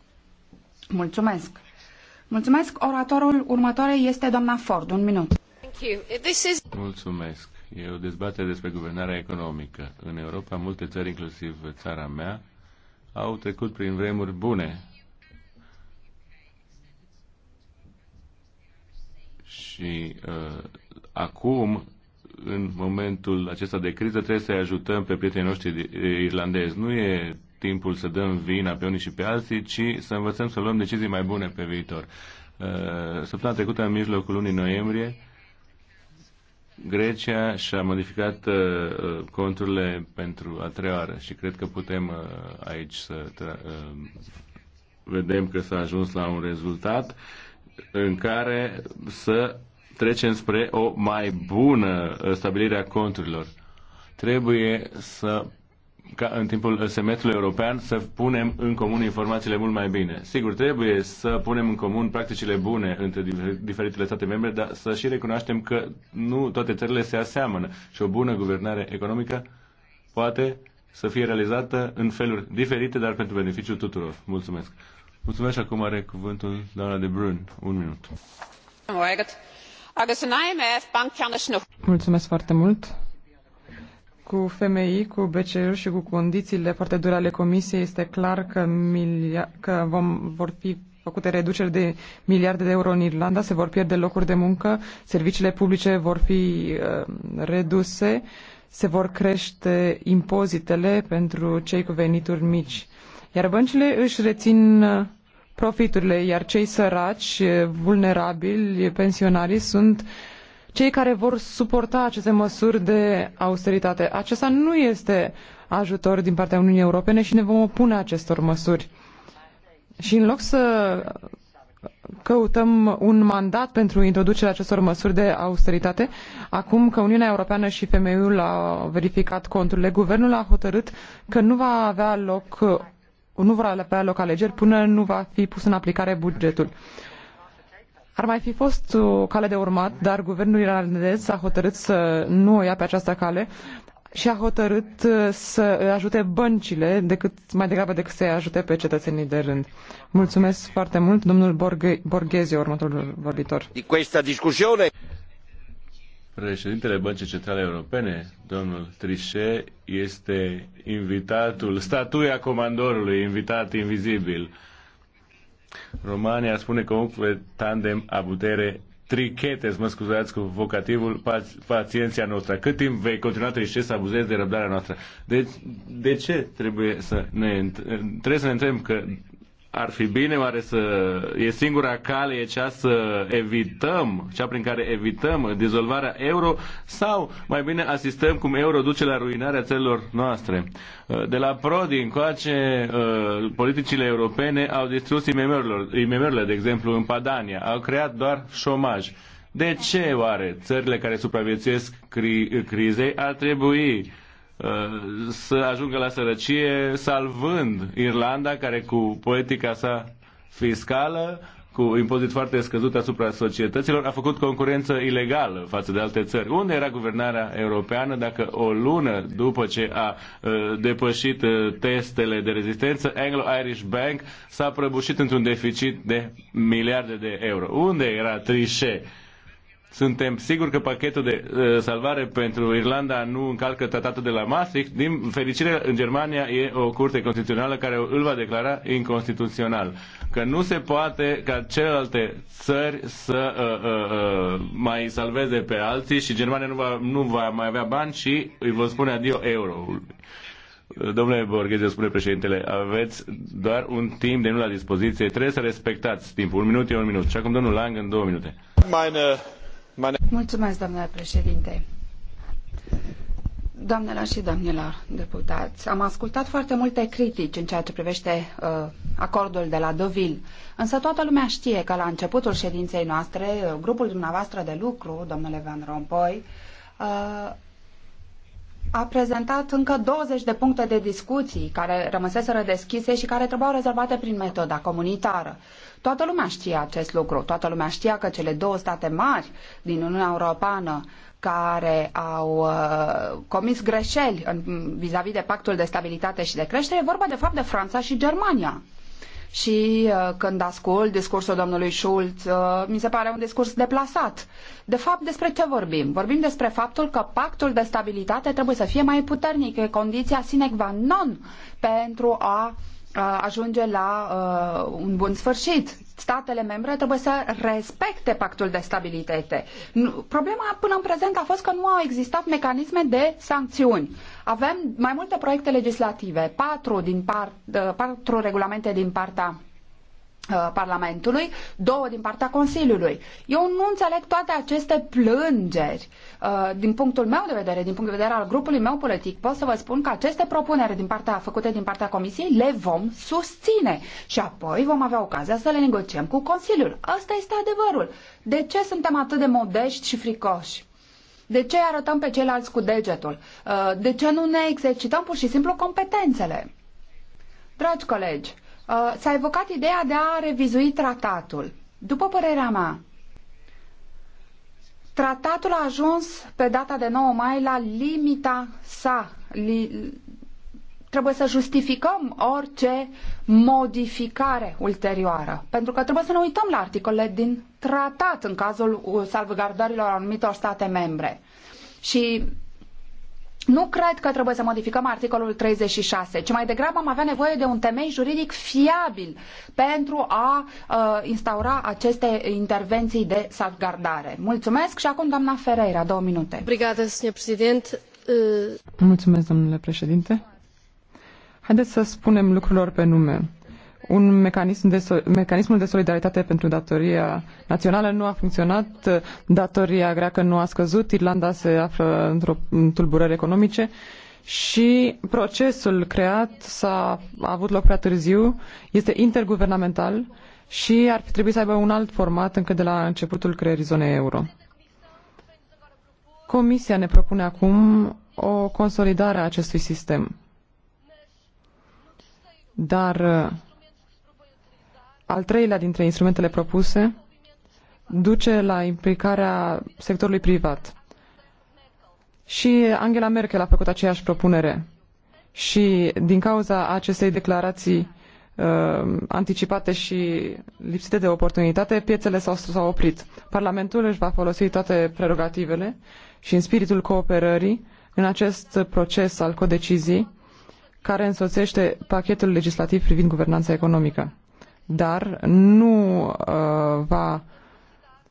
Speaker 2: Mulțumesc. Mulțumesc. Oratorul următor este doamna Ford. Un minut.
Speaker 1: Mulțumesc. E o dezbatere despre guvernarea economică. În Europa, multe țări, inclusiv țara mea, au trecut prin vremuri bune Și uh, acum, în momentul acesta de criză, trebuie să-i ajutăm pe prietenii noștri irlandezi. Nu e timpul să dăm vina pe unii și pe alții, ci să învățăm să luăm decizii mai bune pe viitor. Uh, săptămâna trecută, în mijlocul lunii noiembrie, Grecia și-a modificat uh, conturile pentru a treia oară și cred că putem uh, aici să uh, vedem că s-a ajuns la un rezultat în care să trecem spre o mai bună stabilire a conturilor. Trebuie să ca în timpul semestrului european să punem în comun informațiile mult mai bine. Sigur, trebuie să punem în comun practicile bune între diferitele state membre, dar să și recunoaștem că nu toate țările se aseamănă și o bună guvernare economică poate să fie realizată în feluri diferite, dar pentru beneficiul tuturor. Mulțumesc! Mulțumesc acum are cuvântul doamna de Brun. Un minut.
Speaker 3: Mulțumesc foarte mult. Cu FMI, cu BCR și cu condițiile foarte dure ale Comisiei este clar că, milia- că vom, vor fi făcute reduceri de miliarde de euro în Irlanda, se vor pierde locuri de muncă, serviciile publice vor fi uh, reduse, se vor crește impozitele pentru cei cu venituri mici. Iar băncile își rețin uh, profiturile, iar cei săraci, vulnerabili, pensionarii sunt cei care vor suporta aceste măsuri de austeritate. Acesta nu este ajutor din partea Uniunii Europene și ne vom opune acestor măsuri. Și în loc să căutăm un mandat pentru introducerea acestor măsuri de austeritate. Acum că Uniunea Europeană și FMI-ul au verificat conturile, guvernul a hotărât că nu va avea loc nu vor avea loc alegeri până nu va fi pus în aplicare bugetul. Ar mai fi fost o cale de urmat, dar guvernul irlandez a hotărât să nu o ia pe această cale și a hotărât uh, să ajute băncile decât, mai degrabă decât să ajute pe cetățenii de rând. Mulțumesc foarte mult, domnul Borghe, Borghezi, următorul vorbitor.
Speaker 1: Președintele Băncii Centrale Europene, domnul Trichet, este invitatul, statuia comandorului, invitat invizibil. România spune că umple tandem a putere trichete, mă scuzați cu vocativul, pacienția noastră. Cât timp vei continua Trichet să abuzezi de răbdarea noastră? De, deci, de ce trebuie să ne, trebuie să ne întrebăm că ar fi bine oare să e singura cale e cea să evităm, cea prin care evităm dizolvarea euro sau mai bine asistăm cum euro duce la ruinarea țărilor noastre. Uh, de la Prodi încoace uh, politicile europene au distrus IMM-urile, de exemplu în Padania, au creat doar șomaj. De ce oare țările care supraviețuiesc cri- crizei ar trebui Uh, să ajungă la sărăcie salvând Irlanda care cu politica sa fiscală cu impozit foarte scăzut asupra societăților, a făcut concurență ilegală față de alte țări. Unde era guvernarea europeană dacă o lună după ce a uh, depășit uh, testele de rezistență, Anglo-Irish Bank s-a prăbușit într-un deficit de miliarde de euro? Unde era Trichet? Suntem siguri că pachetul de uh, salvare pentru Irlanda nu încalcă tratatul de la Maastricht. Din fericire, în Germania e o curte constituțională care îl va declara inconstituțional. Că nu se poate ca celelalte țări să uh, uh, uh, mai salveze pe alții și Germania nu va, nu va mai avea bani și îi vă spune adio euro. Domnule Borgheze, spune președintele, aveți doar un timp de nu la dispoziție. Trebuie să respectați timpul. Un minut e un minut. Și acum domnul Lang în două minute. Meine
Speaker 2: Mulțumesc, președinte. Doamnelor și domnilor deputați, am ascultat foarte multe critici în ceea ce privește uh, acordul de la Deauville, însă toată lumea știe că la începutul ședinței noastre, uh, grupul dumneavoastră de lucru, domnule Van Rompuy, uh, a prezentat încă 20 de puncte de discuții care rămăseseră deschise și care trebuiau rezolvate prin metoda comunitară. Toată lumea știa acest lucru. Toată lumea știa că cele două state mari din Uniunea Europeană care au uh, comis greșeli vis a -vis de pactul de stabilitate și de creștere, e vorba de fapt de Franța și Germania și uh, când ascult discursul domnului Schulz, uh, mi se pare un discurs deplasat. De fapt, despre ce vorbim? Vorbim despre faptul că pactul de stabilitate trebuie să fie mai puternic, e condiția sine qua non pentru a uh, ajunge la uh, un bun sfârșit. Statele membre trebuie să respecte pactul de stabilitate. Problema până în prezent a fost că nu au existat mecanisme de sancțiuni. Avem mai multe proiecte legislative, patru, din par, uh, patru regulamente din partea uh, Parlamentului, două din partea Consiliului. Eu nu înțeleg toate aceste plângeri. Uh, din punctul meu de vedere, din punct de vedere al grupului meu politic, pot să vă spun că aceste propuneri din partea, făcute din partea Comisiei le vom susține și apoi vom avea ocazia să le negociem cu Consiliul. Asta este adevărul. De ce suntem atât de modești și fricoși? De ce arătăm pe ceilalți cu degetul? Uh, de ce nu ne exercităm pur și simplu competențele? Dragi colegi, uh, s-a evocat ideea de a revizui tratatul. După părerea mea, tratatul a ajuns pe data de 9 mai la limita sa, li, trebuie să justificăm orice modificare ulterioară. Pentru că trebuie să ne uităm la articolele din tratat în cazul uh, salvgardărilor anumitor state membre. Și nu cred că trebuie să modificăm articolul 36, ci mai degrabă am avea nevoie de un temei juridic fiabil pentru a uh, instaura aceste intervenții de salvgardare. Mulțumesc și acum doamna Ferreira, două minute. președinte. Uh,
Speaker 3: Mulțumesc, domnule președinte. Haideți să spunem lucrurilor pe nume. Un mecanism de so- mecanismul de solidaritate pentru datoria națională nu a funcționat, datoria greacă nu a scăzut, Irlanda se află într-o tulburări economice și procesul creat s-a avut loc prea târziu, este interguvernamental și ar fi trebuit să aibă un alt format încă de la începutul creierii zonei euro. Comisia ne propune acum o consolidare a acestui sistem. Dar uh, al treilea dintre instrumentele propuse duce la implicarea sectorului privat. Și Angela Merkel a făcut aceeași propunere. Și din cauza acestei declarații uh, anticipate și lipsite de oportunitate, piețele s-au, oprit. Parlamentul își va folosi toate prerogativele și în spiritul cooperării în acest proces al codecizii care însoțește pachetul legislativ privind guvernanța economică. Dar nu uh, va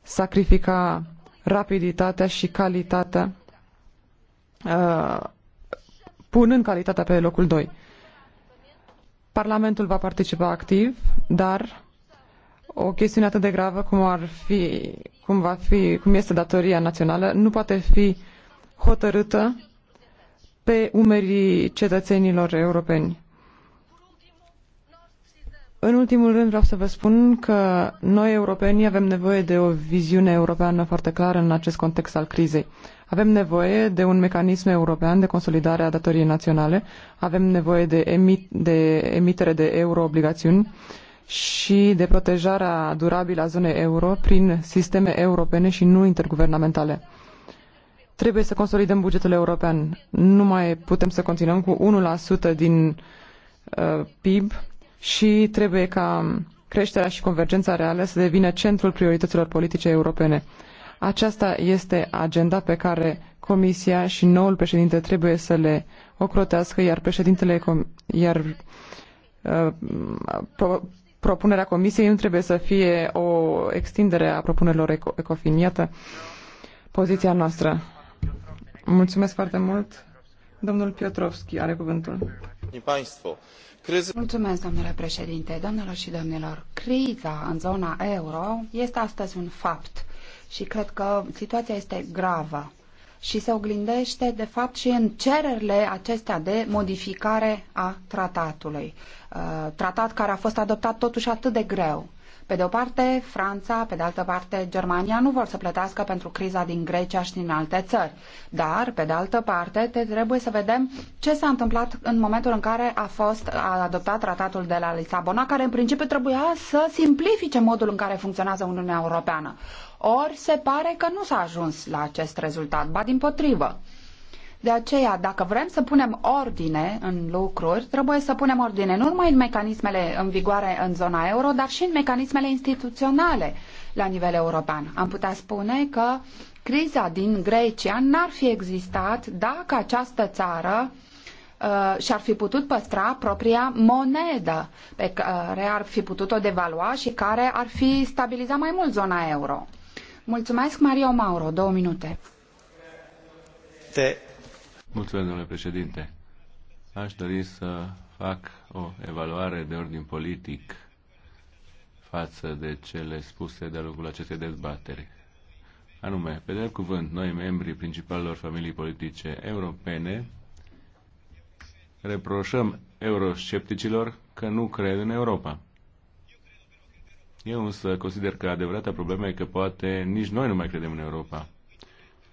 Speaker 3: sacrifica rapiditatea și calitatea, uh, punând calitatea pe locul 2. Parlamentul va participa activ, dar o chestiune atât de gravă cum ar fi, cum va fi, cum este datoria națională, nu poate fi hotărâtă pe umerii cetățenilor europeni. În ultimul rând vreau să vă spun că noi europenii avem nevoie de o viziune europeană foarte clară în acest context al crizei. Avem nevoie de un mecanism european de consolidare a datoriei naționale, avem nevoie de, emit, de emitere de euroobligațiuni și de protejarea durabilă a zonei euro prin sisteme europene și nu interguvernamentale. Trebuie să consolidăm bugetul european. Nu mai putem să continuăm cu 1% din uh, PIB și trebuie ca creșterea și convergența reală să devină centrul priorităților politice europene. Aceasta este agenda pe care Comisia și noul președinte trebuie să le ocrotească, iar președintele, iar uh, pro, propunerea Comisiei nu trebuie să fie o extindere a propunerilor ECOFIN. Iată poziția noastră. Mulțumesc foarte mult. Domnul Piotrowski are cuvântul. Mulțumesc, domnule președinte,
Speaker 2: Domnilor și domnilor. Criza în zona euro este astăzi un fapt și cred că situația este gravă și se oglindește, de fapt, și în cererile acestea de modificare a tratatului. Uh, tratat care a fost adoptat totuși atât de greu. Pe de o parte, Franța, pe de altă parte, Germania nu vor să plătească pentru criza din Grecia și din alte țări. Dar, pe de altă parte, trebuie să vedem ce s-a întâmplat în momentul în care a fost adoptat tratatul de la Lisabona, care în principiu trebuia să simplifice modul în care funcționează Uniunea Europeană. Ori se pare că nu s-a ajuns la acest rezultat, ba din potrivă. De aceea, dacă vrem să punem ordine în lucruri, trebuie să punem ordine nu numai în mecanismele în vigoare în zona euro, dar și în mecanismele instituționale la nivel european. Am putea spune că criza din Grecia n-ar fi existat dacă această țară uh, și-ar fi putut păstra propria monedă pe care ar fi putut-o devalua și care ar fi stabilizat mai mult zona euro. Mulțumesc, Mario Mauro. Două minute.
Speaker 1: Mulțumesc, domnule președinte. Aș dori să fac o evaluare de ordin politic față de cele spuse de-a lungul acestei dezbateri. Anume, pe de cuvânt, noi, membrii principalelor familii politice europene, reproșăm euroscepticilor că nu cred în Europa. Eu însă consider că adevărata problemă e că poate nici noi nu mai credem în Europa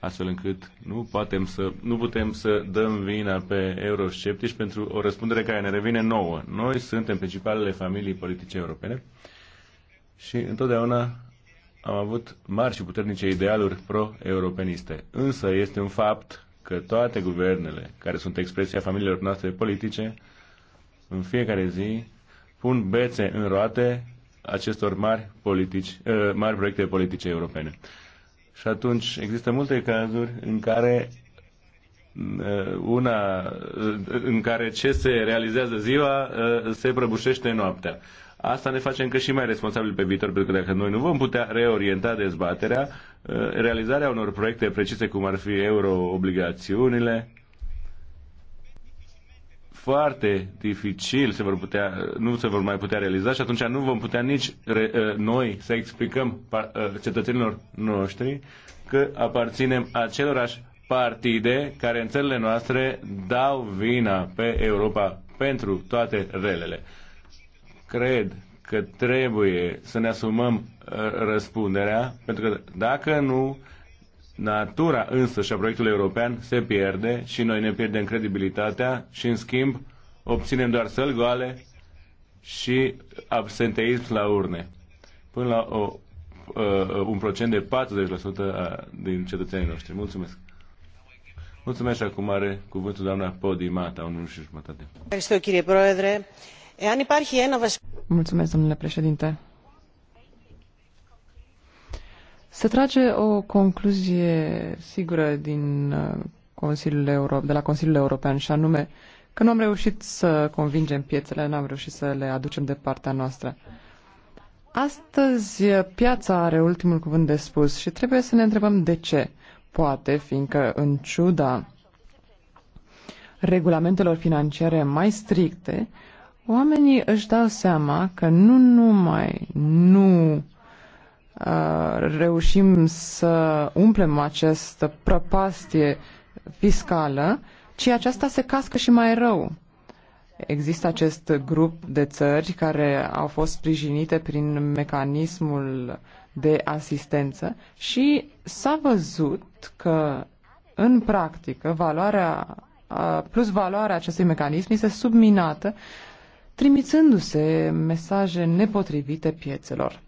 Speaker 1: astfel încât nu, poatem să, nu putem să dăm vina pe eurosceptici pentru o răspundere care ne revine nouă. Noi suntem principalele familii politice europene și întotdeauna am avut mari și puternice idealuri pro-europeniste. Însă este un fapt că toate guvernele care sunt expresia familiilor noastre politice în fiecare zi pun bețe în roate acestor mari, politici, eh, mari proiecte politice europene. Și atunci există multe cazuri în care uh, una uh, în care ce se realizează ziua uh, se prăbușește noaptea. Asta ne face încă și mai responsabili pe viitor, pentru că dacă noi nu vom putea reorienta dezbaterea, realizarea unor proiecte precise, cum ar fi euro-obligațiunile, foarte dificil, se vor putea, nu se vor mai putea realiza și atunci nu vom putea nici re, uh, noi să explicăm uh, cetățenilor noștri că aparținem acelorași partide care în țările noastre dau vina pe Europa pentru toate relele. Cred că trebuie să ne asumăm uh, răspunderea, pentru că dacă nu, Natura însă și a proiectului european se pierde și noi ne pierdem credibilitatea și în schimb obținem doar săl goale și absenteism la urne. Până la o, uh, un procent de 40% din cetățenii noștri. Mulțumesc! Mulțumesc acum are cuvântul doamna Podimata, un și jumătate.
Speaker 3: Mulțumesc, domnule președinte. Se trage o concluzie sigură din uh, Consiliul Euro- de la Consiliul European și anume că nu am reușit să convingem piețele, nu am reușit să le aducem de partea noastră. Astăzi piața are ultimul cuvânt de spus și trebuie să ne întrebăm de ce. Poate fiindcă în ciuda regulamentelor financiare mai stricte, oamenii își dau seama că nu numai nu Uh, reușim să umplem această prăpastie fiscală, ci aceasta se cască și mai rău. Există acest grup de țări care au fost sprijinite prin mecanismul de asistență și s-a văzut că, în practică, valoarea, uh, plus valoarea acestui mecanism este subminată, trimițându-se mesaje nepotrivite piețelor.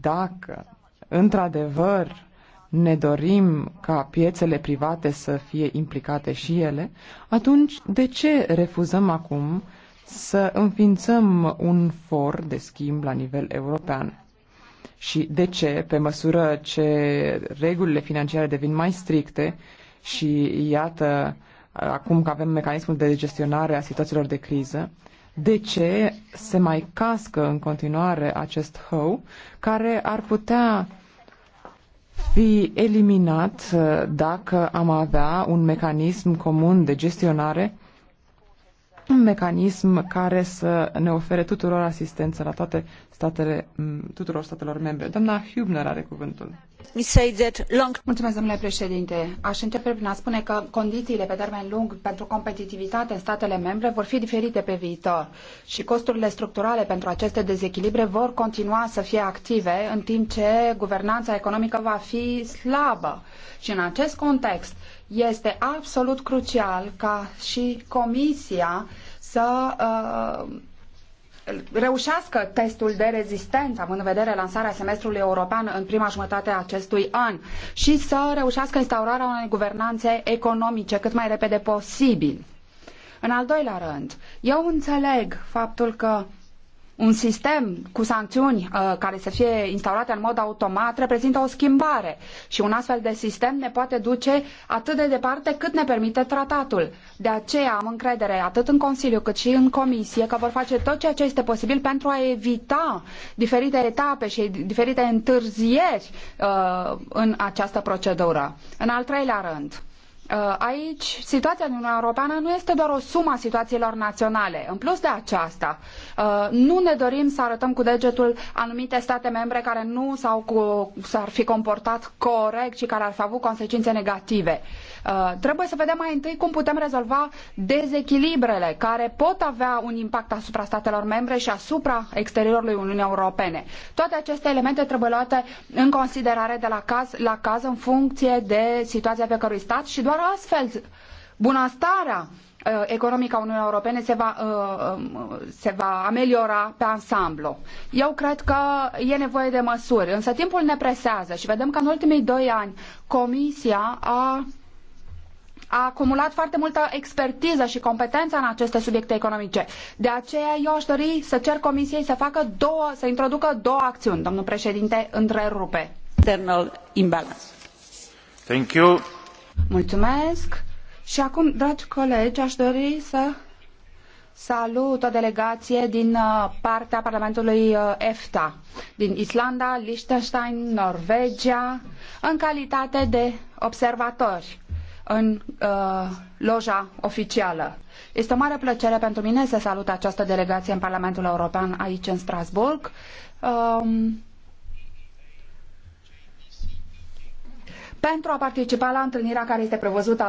Speaker 3: Dacă, într-adevăr, ne dorim ca piețele private să fie implicate și ele, atunci de ce refuzăm acum să înființăm un for de schimb la nivel european? Și de ce, pe măsură ce regulile financiare devin mai stricte și, iată, acum că avem mecanismul de gestionare a situațiilor de criză, de ce se mai cască în continuare acest hău care ar putea fi eliminat uh, dacă am avea un mecanism comun de gestionare, un mecanism care să ne ofere tuturor asistență la toate statele, tuturor statelor membre. Doamna Hübner are cuvântul.
Speaker 2: Mulțumesc, domnule președinte. Aș începe prin a spune că condițiile pe termen lung pentru competitivitate în statele membre vor fi diferite pe viitor și costurile structurale pentru aceste dezechilibre vor continua să fie active în timp ce guvernana economică va fi slabă. Și în acest context este absolut crucial ca și Comisia să uh, reușească testul de rezistență, având în vedere lansarea semestrului european în prima jumătate a acestui an, și să reușească instaurarea unei guvernanțe economice cât mai repede posibil. În al doilea rând, eu înțeleg faptul că un sistem cu sancțiuni uh, care să fie instaurate în mod automat reprezintă o schimbare și un astfel de sistem ne poate duce atât de departe cât ne permite tratatul. De aceea am încredere atât în Consiliu cât și în Comisie că vor face tot ceea ce este posibil pentru a evita diferite etape și diferite întârzieri uh, în această procedură. În al treilea rând, Uh, aici situația din Uniunea Europeană nu este doar o sumă a situațiilor naționale. În plus de aceasta, uh, nu ne dorim să arătăm cu degetul anumite state membre care nu s-ar fi comportat corect și care ar fi avut consecințe negative. Uh, trebuie să vedem mai întâi cum putem rezolva dezechilibrele care pot avea un impact asupra statelor membre și asupra exteriorului Uniunii Europene. Toate aceste elemente trebuie luate în considerare de la caz la caz în funcție de situația pe stat și doar astfel bunăstarea uh, economică a Uniunii Europene se va, uh, um, se va ameliora pe ansamblu. Eu cred că e nevoie de măsuri, însă timpul ne presează și vedem că în ultimii doi ani Comisia a a acumulat foarte multă expertiză și competență în aceste subiecte economice. De aceea eu aș dori să cer comisiei să facă două, să introducă două acțiuni, domnul președinte, întrerupe. Internal imbalance. Thank you. Mulțumesc. Și acum, dragi colegi, aș dori să salut o delegație din uh, partea Parlamentului uh, EFTA, din Islanda, Liechtenstein, Norvegia, în calitate de observatori în uh, loja oficială. Este o mare plăcere pentru mine să salut această delegație în Parlamentul European aici în Strasburg. Um, pentru a participa la întâlnirea care este prevăzută